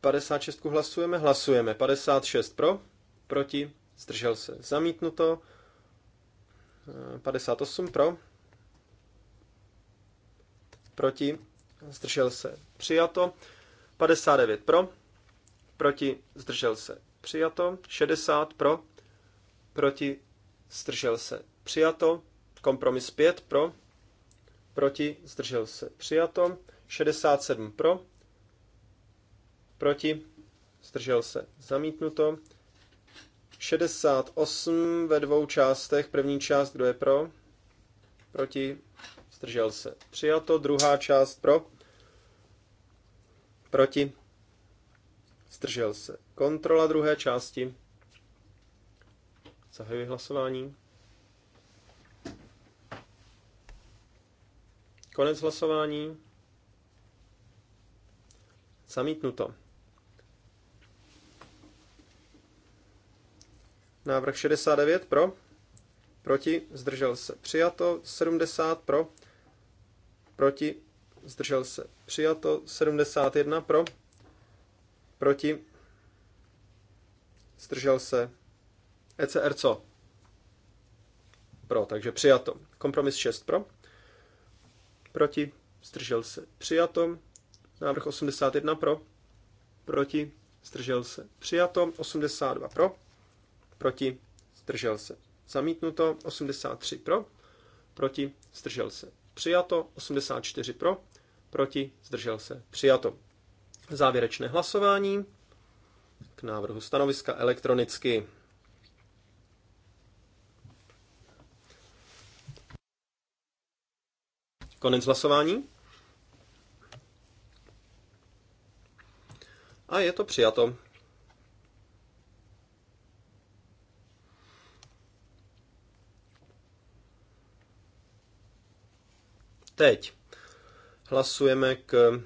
56 hlasujeme, hlasujeme, 56 pro, proti, zdržel se, zamítnuto. 58 eh, pro, proti, zdržel se, přijato. 59 pro, proti, zdržel se, přijato. 60 pro, proti, zdržel se, přijato. Kompromis 5 pro, proti, zdržel se, přijato. 67 pro, proti, zdržel se, zamítnuto. 68 ve dvou částech. První část, kdo je pro? Proti? Zdržel se. Přijato. Druhá část pro? Proti? Zdržel se. Kontrola druhé části. Zahajuji hlasování. Konec hlasování. Zamítnuto. Návrh 69 pro, proti, zdržel se přijato, 70 pro, proti, zdržel se přijato, 71 pro, proti, zdržel se ECR co? Pro, takže přijato. Kompromis 6 pro, proti, zdržel se přijato, návrh 81 pro, proti, zdržel se přijato, 82 pro, proti, zdržel se. Zamítnuto 83 pro, proti, zdržel se. Přijato 84 pro, proti, zdržel se. Přijato. Závěrečné hlasování k návrhu stanoviska elektronicky. Konec hlasování. A je to přijato. Teď hlasujeme k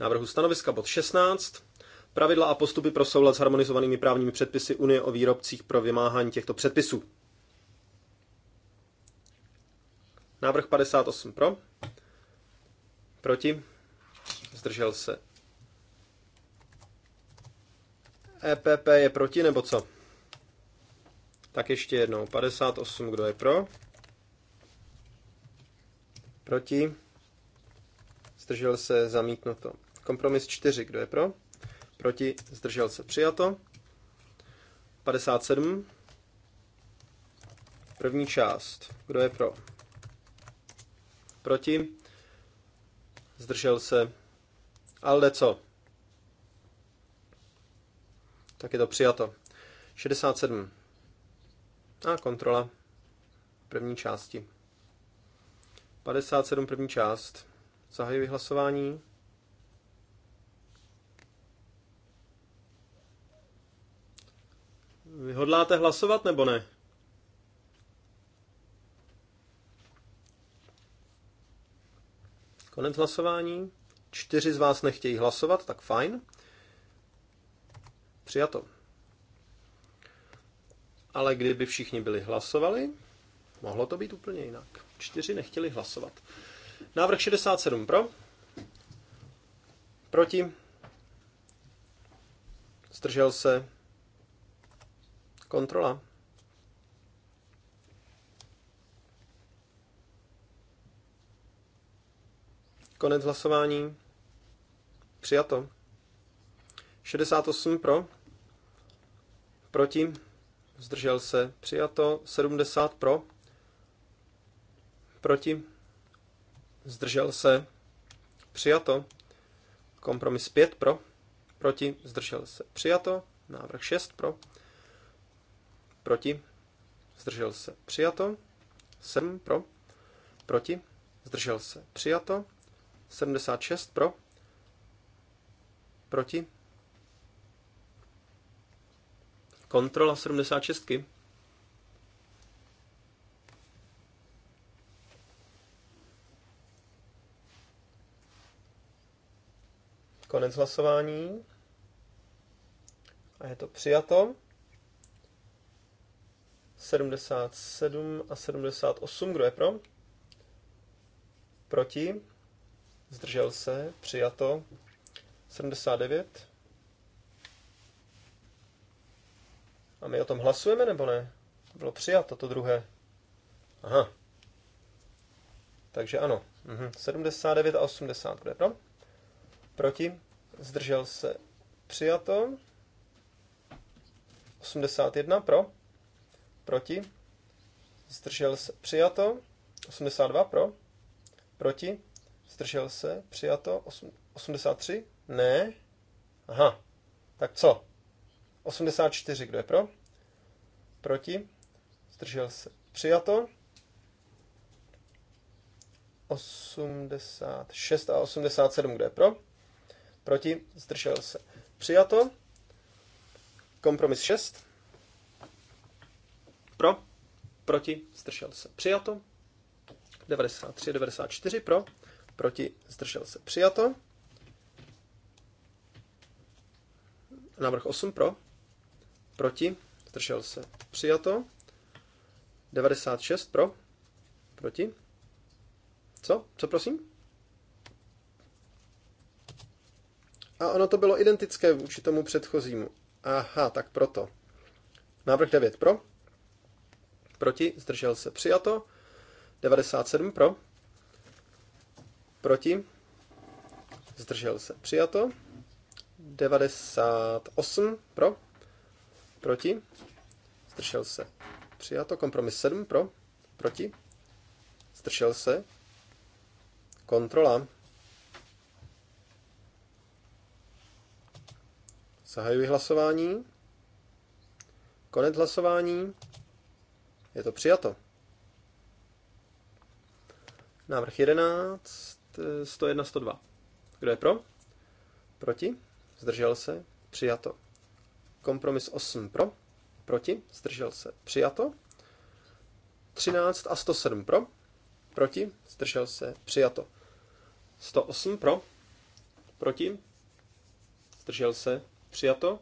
návrhu stanoviska bod 16. Pravidla a postupy pro soulad s harmonizovanými právními předpisy Unie o výrobcích pro vymáhání těchto předpisů. Návrh 58 pro. Proti. Zdržel se. EPP je proti, nebo co? Tak ještě jednou. 58, kdo je pro? Proti? Zdržel se zamítnuto. Kompromis 4. Kdo je pro? Proti? Zdržel se přijato. 57. První část. Kdo je pro? Proti? Zdržel se. Ale co? Tak je to přijato. 67. A kontrola první části. 57 první část. Zahajuji hlasování. Vy hodláte hlasovat nebo ne? Konec hlasování. Čtyři z vás nechtějí hlasovat, tak fajn. Přijato. Ale kdyby všichni byli hlasovali, Mohlo to být úplně jinak. Čtyři nechtěli hlasovat. Návrh 67 pro. Proti. Zdržel se. Kontrola. Konec hlasování. Přijato. 68 pro. Proti. Zdržel se. Přijato. 70 pro proti, zdržel se, přijato. Kompromis 5 pro, proti, zdržel se, přijato. Návrh 6 pro, proti, zdržel se, přijato. 7 pro, proti, zdržel se, přijato. 76 pro, proti, kontrola 76. -ky. Konec hlasování. A je to přijato. 77 a 78, kdo je pro? Proti? Zdržel se, přijato. 79. A my o tom hlasujeme, nebo ne? Bylo přijato to druhé. Aha. Takže ano. Mhm. 79 a 80, je pro? Proti? Zdržel se. Přijato. 81 pro. Proti. Zdržel se. Přijato. 82 pro. Proti. Zdržel se. Přijato. 83? Ne. Aha. Tak co? 84, kdo je pro? Proti? Zdržel se. Přijato. 86 a 87, kdo je pro? proti, zdržel se. Přijato. Kompromis 6. Pro, proti, zdržel se. Přijato. 93, 94 pro, proti, zdržel se. Přijato. Návrh 8 pro, proti, zdržel se. Přijato. 96 pro, proti. Co? Co prosím? A ono to bylo identické vůči tomu předchozímu. Aha, tak proto. Návrh 9 pro. Proti, zdržel se, přijato. 97 pro. Proti, zdržel se, přijato. 98 pro. Proti, zdržel se, přijato. Kompromis 7 pro. Proti, zdržel se. Kontrola. Zahajuji hlasování. Konec hlasování. Je to přijato. Návrh 11, 101, 102. Kdo je pro? Proti? Zdržel se? Přijato. Kompromis 8 pro? Proti? Zdržel se? Přijato. 13 a 107 pro? Proti? Zdržel se? Přijato. 108 pro? Proti? Zdržel se? Přijato.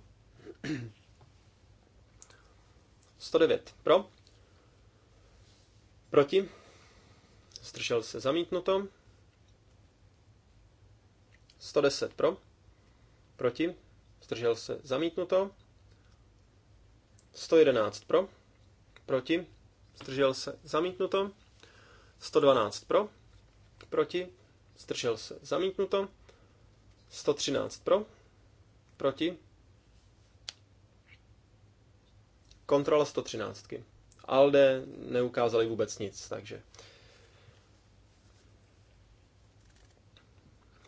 109 pro. Proti. Zdržel se zamítnuto. 110 pro. Proti. Zdržel se zamítnuto. 111 pro. Proti. Zdržel se zamítnuto. 112 pro. Proti. Zdržel se zamítnuto. 113 pro Proti? Kontrola 113. Alde neukázali vůbec nic, takže.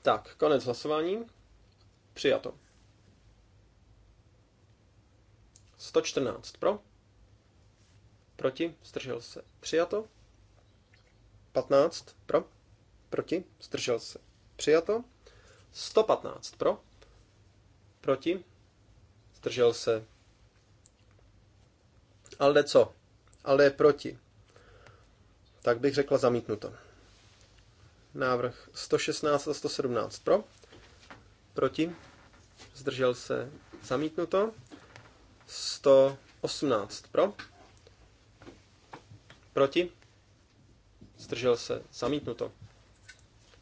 Tak, konec hlasování. Přijato. 114 pro. Proti, Stržel se. Přijato. 15 pro. Proti, Stržel se. Přijato. 115 pro. Proti? Zdržel se. Alde co? Alde je proti. Tak bych řekla zamítnuto. Návrh 116 a 117 pro. Proti? Zdržel se. Zamítnuto. 118 pro. Proti? Zdržel se. Zamítnuto.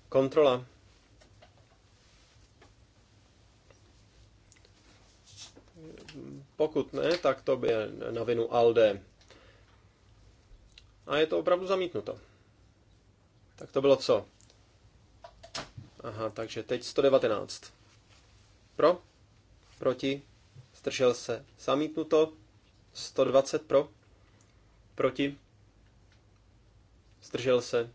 Kontrola. Pokud ne, tak to by je na vinu Alde. A je to opravdu zamítnuto. Tak to bylo co? Aha, takže teď 119. Pro? Proti? Zdržel se. Zamítnuto. 120 pro? Proti? Zdržel se.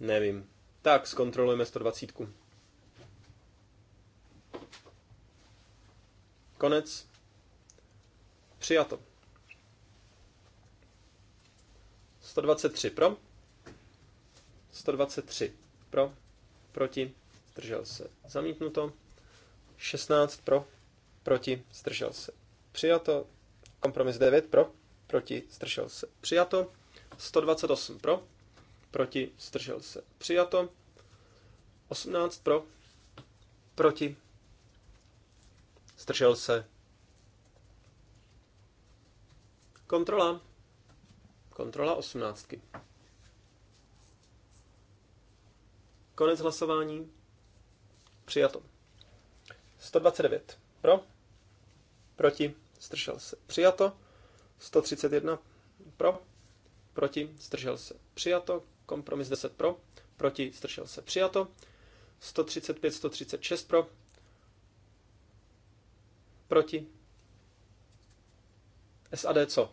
Nevím. Tak, zkontrolujeme 120. Konec. Přijato. 123 pro. 123 pro. Proti. Zdržel se. Zamítnuto. 16 pro. Proti. Zdržel se. Přijato. Kompromis 9 pro. Proti. Zdržel se. Přijato. 128 pro. Proti. Zdržel se. Přijato. 18 pro. Proti. Stržel se? Kontrola. Kontrola osmnáctky. Konec hlasování. Přijato. 129. Pro. Proti. Stržel se. Přijato. 131. Pro. Proti. Stržel se. Přijato. Kompromis 10 pro. Proti. Stržel se. Přijato. 135, 136 pro Proti. SAD co?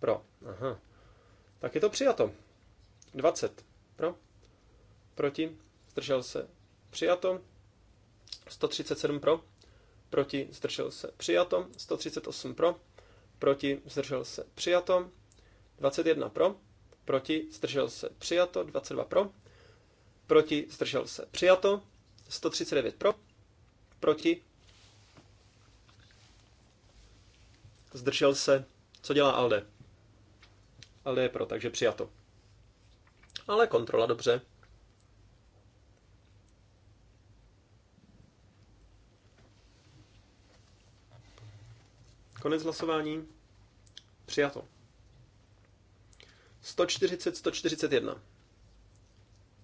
Pro. Aha. Tak je to přijato. 20. Pro. Proti. Zdržel se. Přijato. 137 pro. Proti. Zdržel se. Přijato. 138 pro. Proti. Zdržel se. Přijato. 21 pro. Proti. Zdržel se. Přijato. 22 pro. Proti. Zdržel se. Přijato. 139 pro. Proti. zdržel se, co dělá Alde? Alde je pro, takže přijato. Ale kontrola dobře. Konec hlasování. Přijato. 140, 141.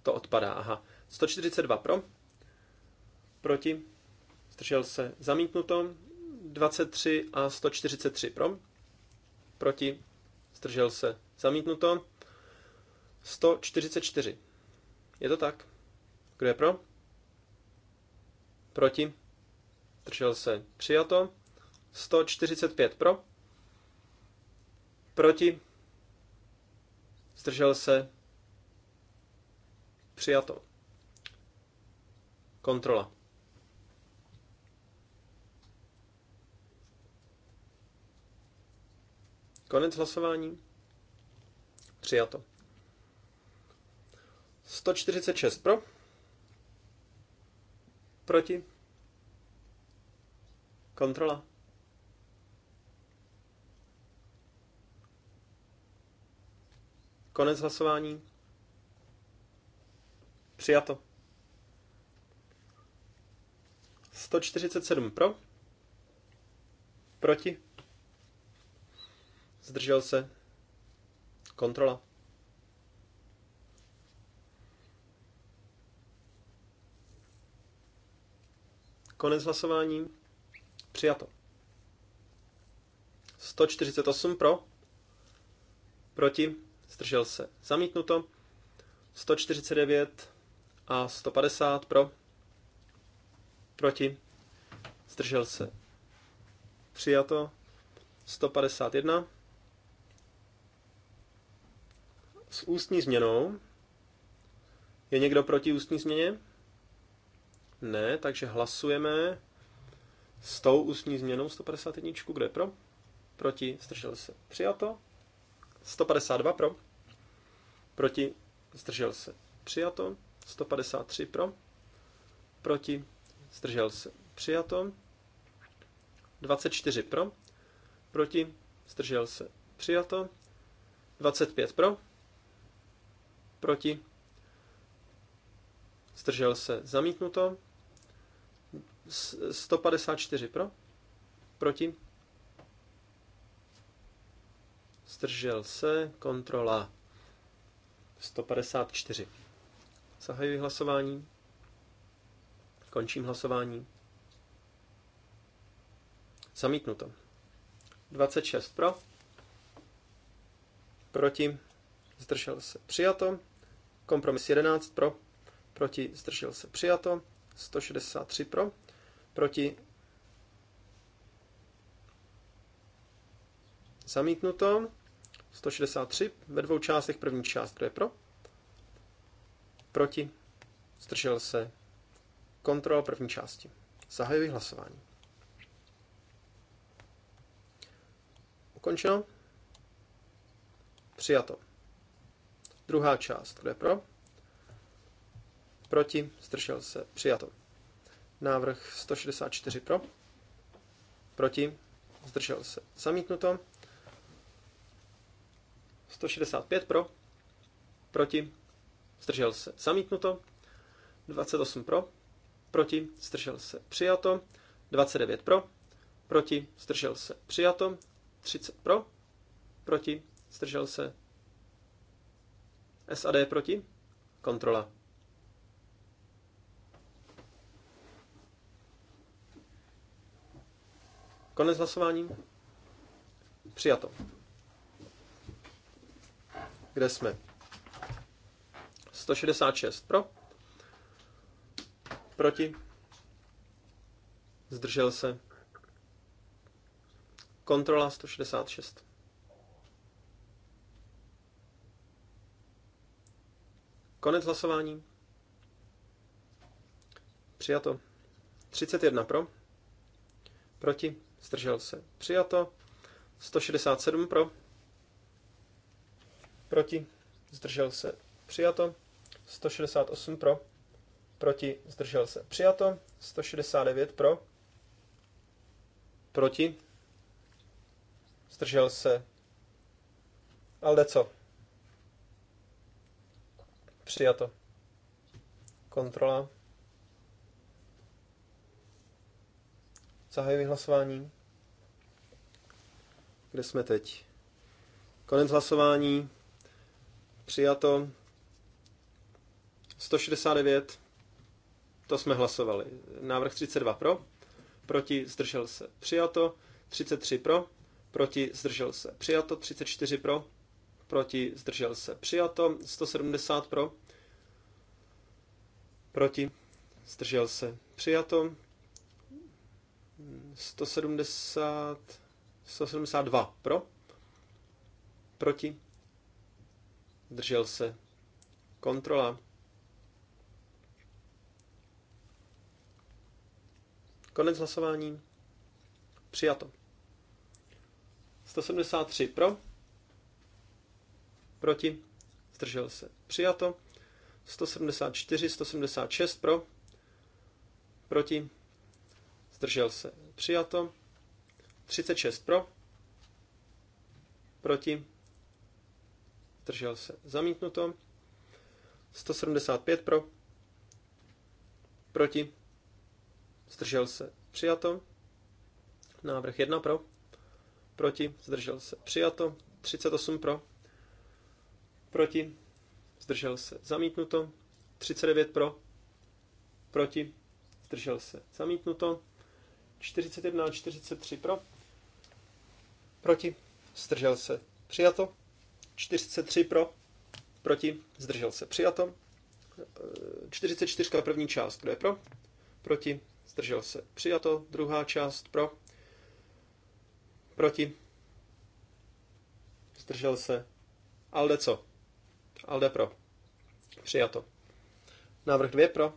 To odpadá, aha. 142 pro. Proti. Zdržel se zamítnuto. 23 a 143 pro, proti, zdržel se, zamítnuto, 144. Je to tak? Kdo je pro? Proti, zdržel se, přijato, 145 pro, proti, zdržel se, přijato. Kontrola. Konec hlasování. Přijato. 146 pro. Proti. Kontrola. Konec hlasování. Přijato. 147 pro. Proti zdržel se, kontrola. Konec hlasování. Přijato. 148 pro. Proti. Zdržel se. Zamítnuto. 149 a 150 pro. Proti. Zdržel se. Přijato. 151 s ústní změnou. Je někdo proti ústní změně? Ne, takže hlasujeme s tou ústní změnou 151. Kdo je pro? Proti, zdržel se. Přijato. 152 pro. Proti, zdržel se. Přijato. 153 pro. Proti, zdržel se. Přijato. 24 pro. Proti, zdržel se. Přijato. 25 pro proti, zdržel se zamítnuto, 154 pro, proti, zdržel se, kontrola 154. Zahajuji hlasování, končím hlasování, zamítnuto, 26 pro, proti, zdržel se přijato. Kompromis 11 pro, proti zdržel se přijato. 163 pro, proti zamítnuto. 163 ve dvou částech, první část, kdo je pro, proti zdržel se kontrola první části. Zahajuji hlasování. Ukončeno. Přijato. Druhá část, kdo je pro? Proti, zdržel se, přijato. Návrh 164 pro. Proti, zdržel se, zamítnuto. 165 pro. Proti, zdržel se, zamítnuto. 28 pro. Proti, zdržel se, přijato. 29 pro. Proti, zdržel se, přijato. 30 pro. Proti, zdržel se, SAD proti? Kontrola. Konec hlasování. Přijato. Kde jsme? 166 pro. Proti. Zdržel se. Kontrola 166. Konec hlasování. Přijato. 31 pro. Proti. Zdržel se. Přijato. 167 pro. Proti. Zdržel se. Přijato. 168 pro. Proti. Zdržel se. Přijato. 169 pro. Proti. Zdržel se. Ale co? Přijato. Kontrola. Zahajuji hlasování. Kde jsme teď? Konec hlasování. Přijato. 169. To jsme hlasovali. Návrh 32 pro. Proti zdržel se. Přijato. 33 pro. Proti zdržel se. Přijato. 34 pro proti, zdržel se přijato, 170 pro, proti, zdržel se přijato, 170, 172 pro, proti, zdržel se kontrola. Konec hlasování. Přijato. 173 pro, proti, zdržel se, přijato. 174, 176 pro, proti, zdržel se, přijato. 36 pro, proti, zdržel se, zamítnuto. 175 pro, proti, zdržel se, přijato. Návrh 1 pro, proti, zdržel se, přijato. 38 pro, proti, zdržel se, zamítnuto. 39 pro, proti, zdržel se, zamítnuto. 41 a 43 pro, proti, zdržel se, přijato. 43 pro, proti, zdržel se, přijato. 44 první část, kdo je pro, proti, zdržel se, přijato. Druhá část pro, proti, zdržel se, ale co? Alde pro. Přijato. Návrh 2 pro.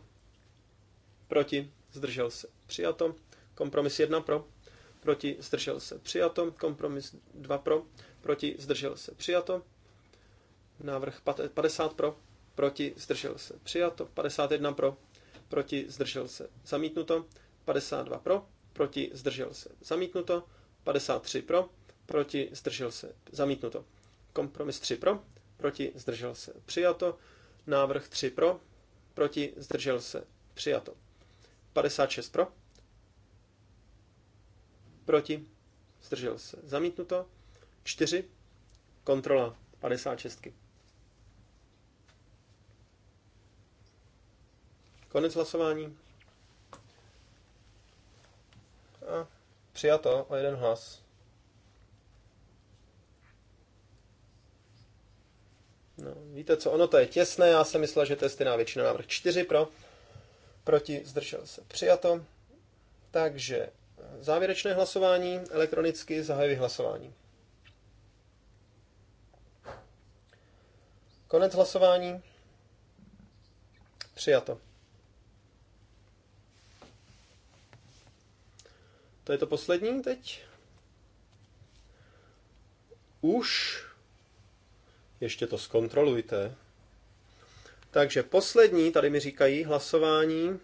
Proti. Zdržel se. Přijato. Kompromis 1 pro. Proti. Zdržel se. Přijato. Kompromis 2 pro. Proti. Zdržel se. Přijato. Návrh 50 pro. Proti. Zdržel se. Přijato. 51 pro. Proti. Zdržel se. Zamítnuto. 52 pro. Proti. Zdržel se. Zamítnuto. 53 pro. Proti. Zdržel se. Zamítnuto. Kompromis 3 pro proti, zdržel se, přijato. Návrh 3 pro, proti, zdržel se, přijato. 56 pro, proti, zdržel se, zamítnuto. 4, kontrola 56. Konec hlasování. A přijato o jeden hlas. No, víte co, ono to je těsné, já jsem myslel, že to je stejná většina návrh 4 pro, proti, zdržel se, přijato. Takže eh, závěrečné hlasování, elektronicky zahajuji hlasování. Konec hlasování. Přijato. To je to poslední teď. Už ještě to zkontrolujte. Takže poslední, tady mi říkají, hlasování.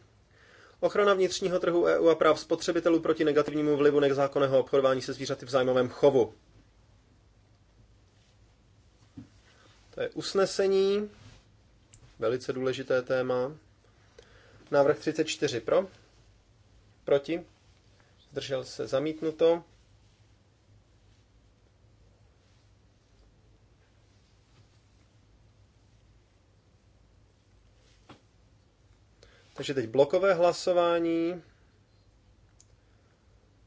Ochrana vnitřního trhu EU a práv spotřebitelů proti negativnímu vlivu nezákonného obchodování se zvířaty v zájmovém chovu. To je usnesení, velice důležité téma. Návrh 34 pro, proti, zdržel se zamítnuto. Takže teď blokové hlasování.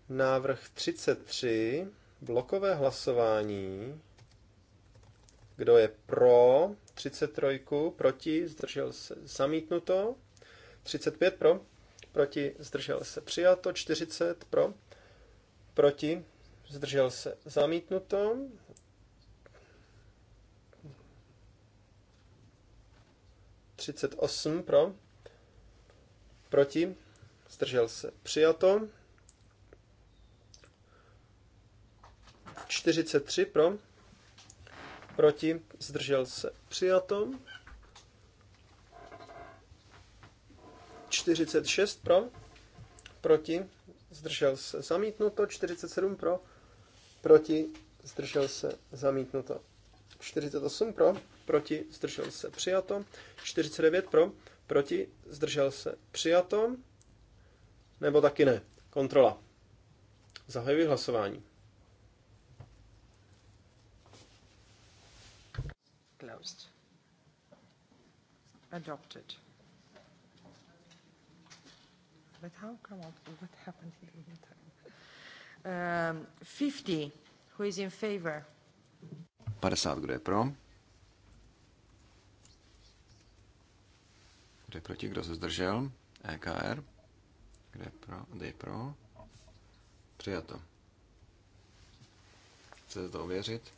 Návrh 33. Blokové hlasování. Kdo je pro 33, proti, zdržel se zamítnuto. 35 pro, proti, zdržel se přijato. 40 pro, proti, zdržel se zamítnuto. Třicet osm pro, Proti? Zdržel se. Přijato. 43 pro. Proti? Zdržel se. Přijato. 46 pro. Proti? Zdržel se. Zamítnuto. 47 pro. Proti? Zdržel se. Zamítnuto. 48 pro. Proti? Zdržel se. Přijato. 49 pro proti, zdržel se, přijato, nebo taky ne. Kontrola. Zahajuji hlasování. Closed. Adopted. But how come out? What happened here in time? Um, 50. Who is in favor? 50, kdo je pro? Kdo je proti, kdo se zdržel? EKR. Kde je pro? Kde je pro? Přijato. Chcete to ověřit?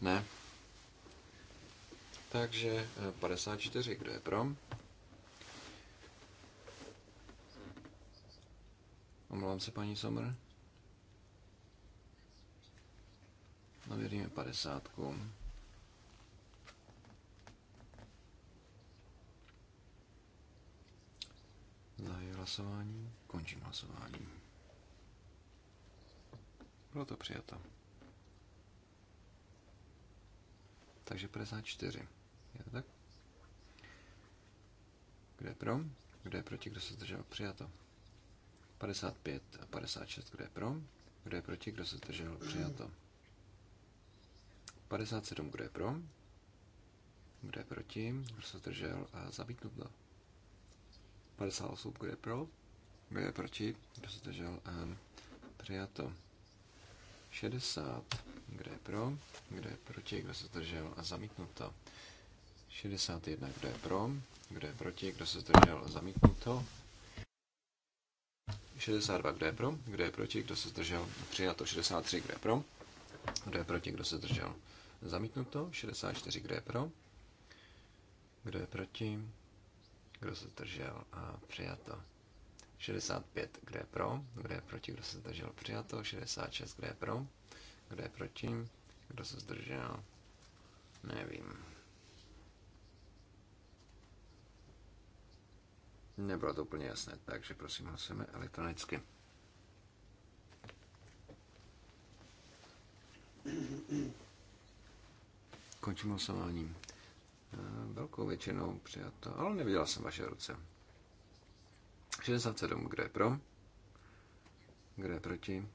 Ne. Takže 54, e, kdo je pro? Omlouvám se, paní Somr. Navěříme 50. Zahajuji hlasování, končím hlasování. Bylo to přijato. Takže 54. Je to tak? Kdo je pro? Kdo je proti? Kdo se zdržel? Přijato. 55 a 56. Kdo je pro? Kdo je proti? Kdo se zdržel? Přijato. 57. Kdo je pro? Kdo je proti? Kdo se zdržel? A zamítnuto. 58, kdo je pro, kdo je proti, kdo se zdržel, přijato. 60, kdo je pro, kdo je proti, kdo se zdržel a zamítnuto. 61, kdo je pro, kdo je proti, kdo se zdržel a zamítnuto. 62, kdo je pro, kdo je proti, kdo se zdržel, přijato. 63, kdo je pro, kdo je proti, kdo se zdržel, zamítnuto. 64, kdo je pro, kdo je proti, kdo se držel a přijato. 65, kdo je pro, kdo je proti, kdo se zdržel, přijato. 66, kdo je pro, kdo je proti, kdo se zdržel, nevím. Nebylo to úplně jasné, takže prosím hlasujeme elektronicky. Končím hlasováním. Eh, velkou většinou přijato, ale neviděl jsem vaše ruce. 67, kdo je pro? Kdo je proti?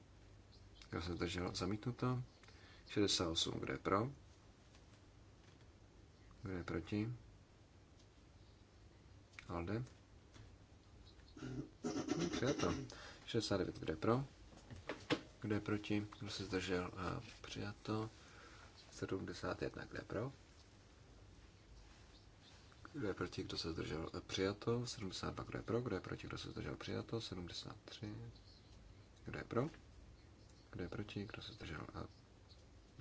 Kdo se zdržel? Zamítnuto. 68, kdo je pro? Kdo je proti? Alde? Přijato. 69, kdo je pro? Kdo je proti? Kdo se zdržel? Eh, přijato. 71, kde je pro? kdo je proti, kdo se zdržel přijato, 72, kdo je pro, kdo je proti, kdo se zdržel přijato, 73, kdo je pro, kdo je proti, kdo se zdržel a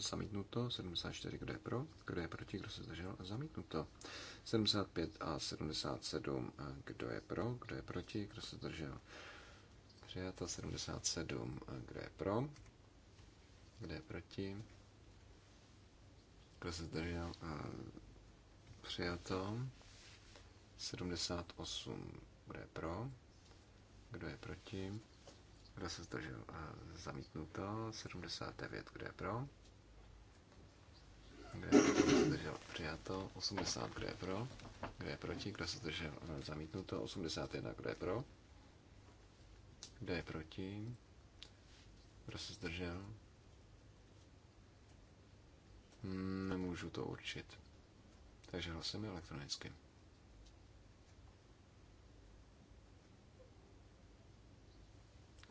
zamítnuto, 74, kdo je pro, kdo je proti, kdo se zdržel a zamítnuto, 75 a 77, kdo je pro, kdo je proti, kdo se zdržel přijato, 77, kdo je pro, kdo je proti, kdo se zdržel a přijato. 78 bude pro. Kdo je proti? Kdo se zdržel? Zamítnuto. 79, kdo je pro? Kdo je proti? se zdržel? Přijato. 80, kdo je pro? Kdo je proti? Kdo se zdržel? Eh, zamítnuto. 81, kdo je pro? Kdo je proti? Kdo se zdržel? Nemůžu to určit. Takže hlasujeme elektronicky.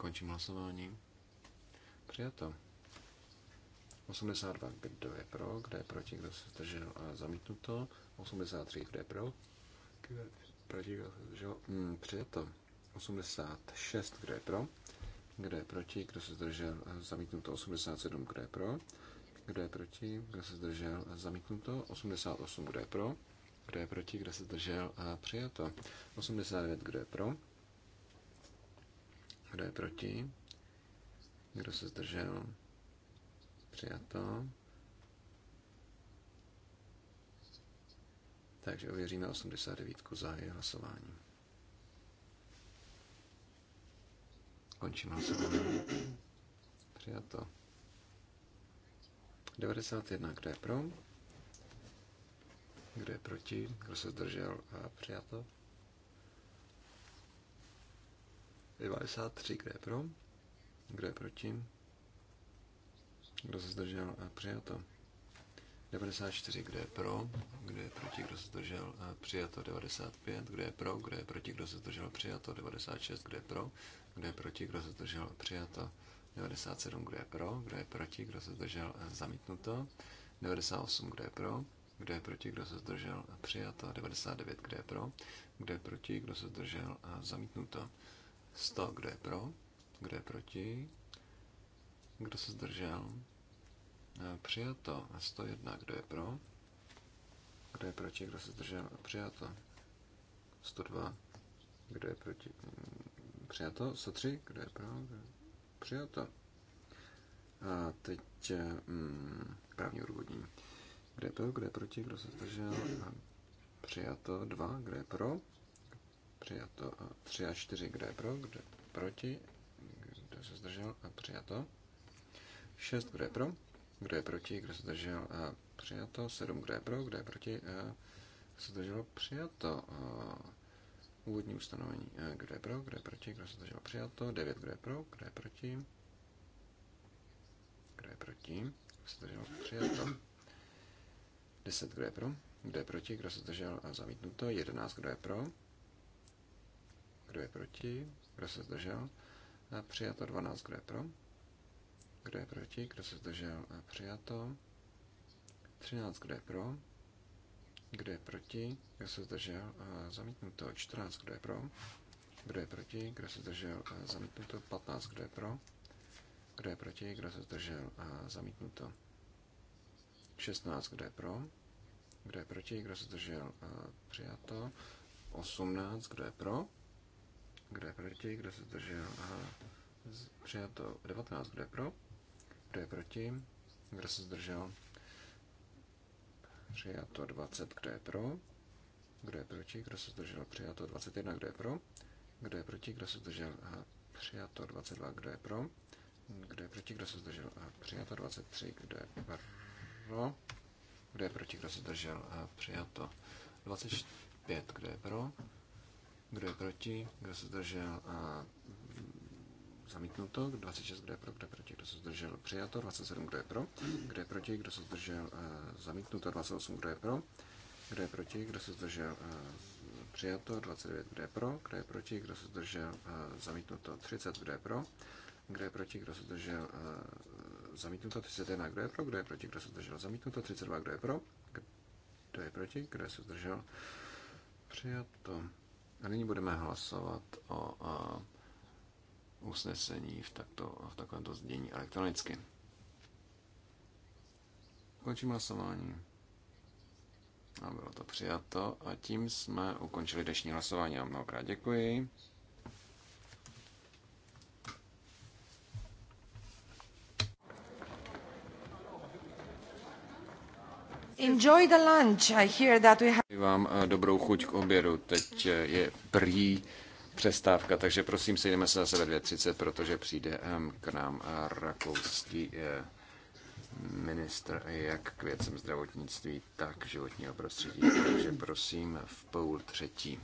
Končím hlasování. Přijato. 82, kdo je pro, kdo je proti, kdo se zdržel a zamítnuto. 83, kdo je pro, kdo je proti, kdo se zdržel. Hmm, přijato. 86, kdo je pro, kdo je proti, kdo se zdržel, zamítnuto. 87, kdo je pro, kdo je proti, kdo se zdržel, zamítnuto. 88, kdo je pro, kdo je proti, kdo se zdržel a přijato. 89, kdo je pro, kdo je proti? Kdo se zdržel? Přijato. Takže ověříme 89 za její hlasování. Končím hlasování. Přijato. 91, kdo je pro? Kdo je proti? Kdo se zdržel? A přijato. 93, kde je pro? Kdo je proti? Kdo se zdržel? Přijato. 94, kdo je pro, kdo je proti, kdo se zdržel, přijato 95, kdo je pro, kdo je proti, kdo se zdržel, přijato 96, kdo je pro, kdo je proti, kdo se zdržel, přijato 97, kdo je pro, kdo je proti, kdo se zdržel, zamítnuto 98, kdo je pro, kdo je proti, kdo se zdržel, přijato 99, kdo je pro, kdo je proti, kdo se zdržel, zamítnuto 100, e, kdo je pro, kdo je proti, kdo se zdržel. Přijato 101, mm, e, mm, kdo je pro, kdo je proti, kdo se zdržel. Přijato 102, kdo je proti, přijato 103, kdo je pro, kdo je... přijato. A teď mm, právní odvodní. Kdo je pro, kdo je proti, kdo se zdržel. Přijato 2, kdo je pro, přijato. a 3 a 4, kdo je pro, kdo je proti, kdo se zdržel a přijato. 6, kdo je pro, kdo je proti, kdo se zdržel a přijato. 7, kdo je pro, kdo je proti, a se zdrželo přijato. A Úvodní ustanovení, a kdo je pro, kdo je proti, kdo se zdržel přijato. 9, kdo je pro, kdo je proti, kdo je proti, kdo se zdržel přijato. 10, kdo je pro, kdo je proti, kdo se zdržel a zamítnuto. 11, kdo je pro, kdo je proti? Kdo se zdržel? Přijato 12. Kdo je pro? Kdo je proti? Kdo se zdržel? Přijato. 13. Kdo je pro? Kdo je proti? Kdo se zdržel? Zamítnuto. 14. Kdo je pro? Kdo je proti? Kdo se zdržel? Zamítnuto. 15. Kdo je pro? Kdo je proti? Kdo se zdržel? Zamítnuto. 16. Kdo je pro? Kdo je proti? Kdo se zdržel? Přijato. 18. Kdo je pro? Kdo je proti? Kdo se zdržel? aha, přijato 19. Kdo je pro? Kdo je proti? Kdo se zdržel? Přijato 20. Kdo je pro? Kdo je proti? Kdo se zdržel? Přijato 21. Kdo je pro? Kdo je proti? Kdo se zdržel? aha, přijato 22. Kdo je pro? Kdo je proti? Kdo se zdržel? aha, přijato 23. Kdo je pro? Kdo je proti? Kdo se zdržel? aha, přijato 24. 5, kdo je pro, kdo je proti? Kdo se zdržel? A mm, zamítnuto. 26, kdo je pro? Kdo je proti? Kdo se zdržel? Přijato. 27, kdo je pro? Kdo je proti? Kdo se zdržel? Zamítnuto. 28, kdo je pro? Kdo je proti? Kdo se zdržel? Přijato. 29, kdo je pro? Kdo je proti? Kdo se zdržel? Zamítnuto. 30, kdo je pro? Kdo je proti? Kdo se zdržel? Zamítnuto. 31, kdo je pro? Kdo je proti? Kdo se zdržel? Zamítnuto. 32, kdo je pro? Kdo je proti? Kdo se zdržel? Přijato. A nyní budeme hlasovat o a, usnesení v, takto, v takovémto znění elektronicky. Končím hlasování. A bylo to přijato. A tím jsme ukončili dnešní hlasování. A mnohokrát děkuji. Enjoy the lunch. I hear that we have... Vám eh, dobrou chuť k obědu. Teď eh, je prý přestávka, takže prosím, sejdeme se zase ve 2.30, protože přijde ehm, k nám eh, rakouský ministr jak k věcem zdravotnictví, tak životního prostředí. Takže prosím v půl třetí.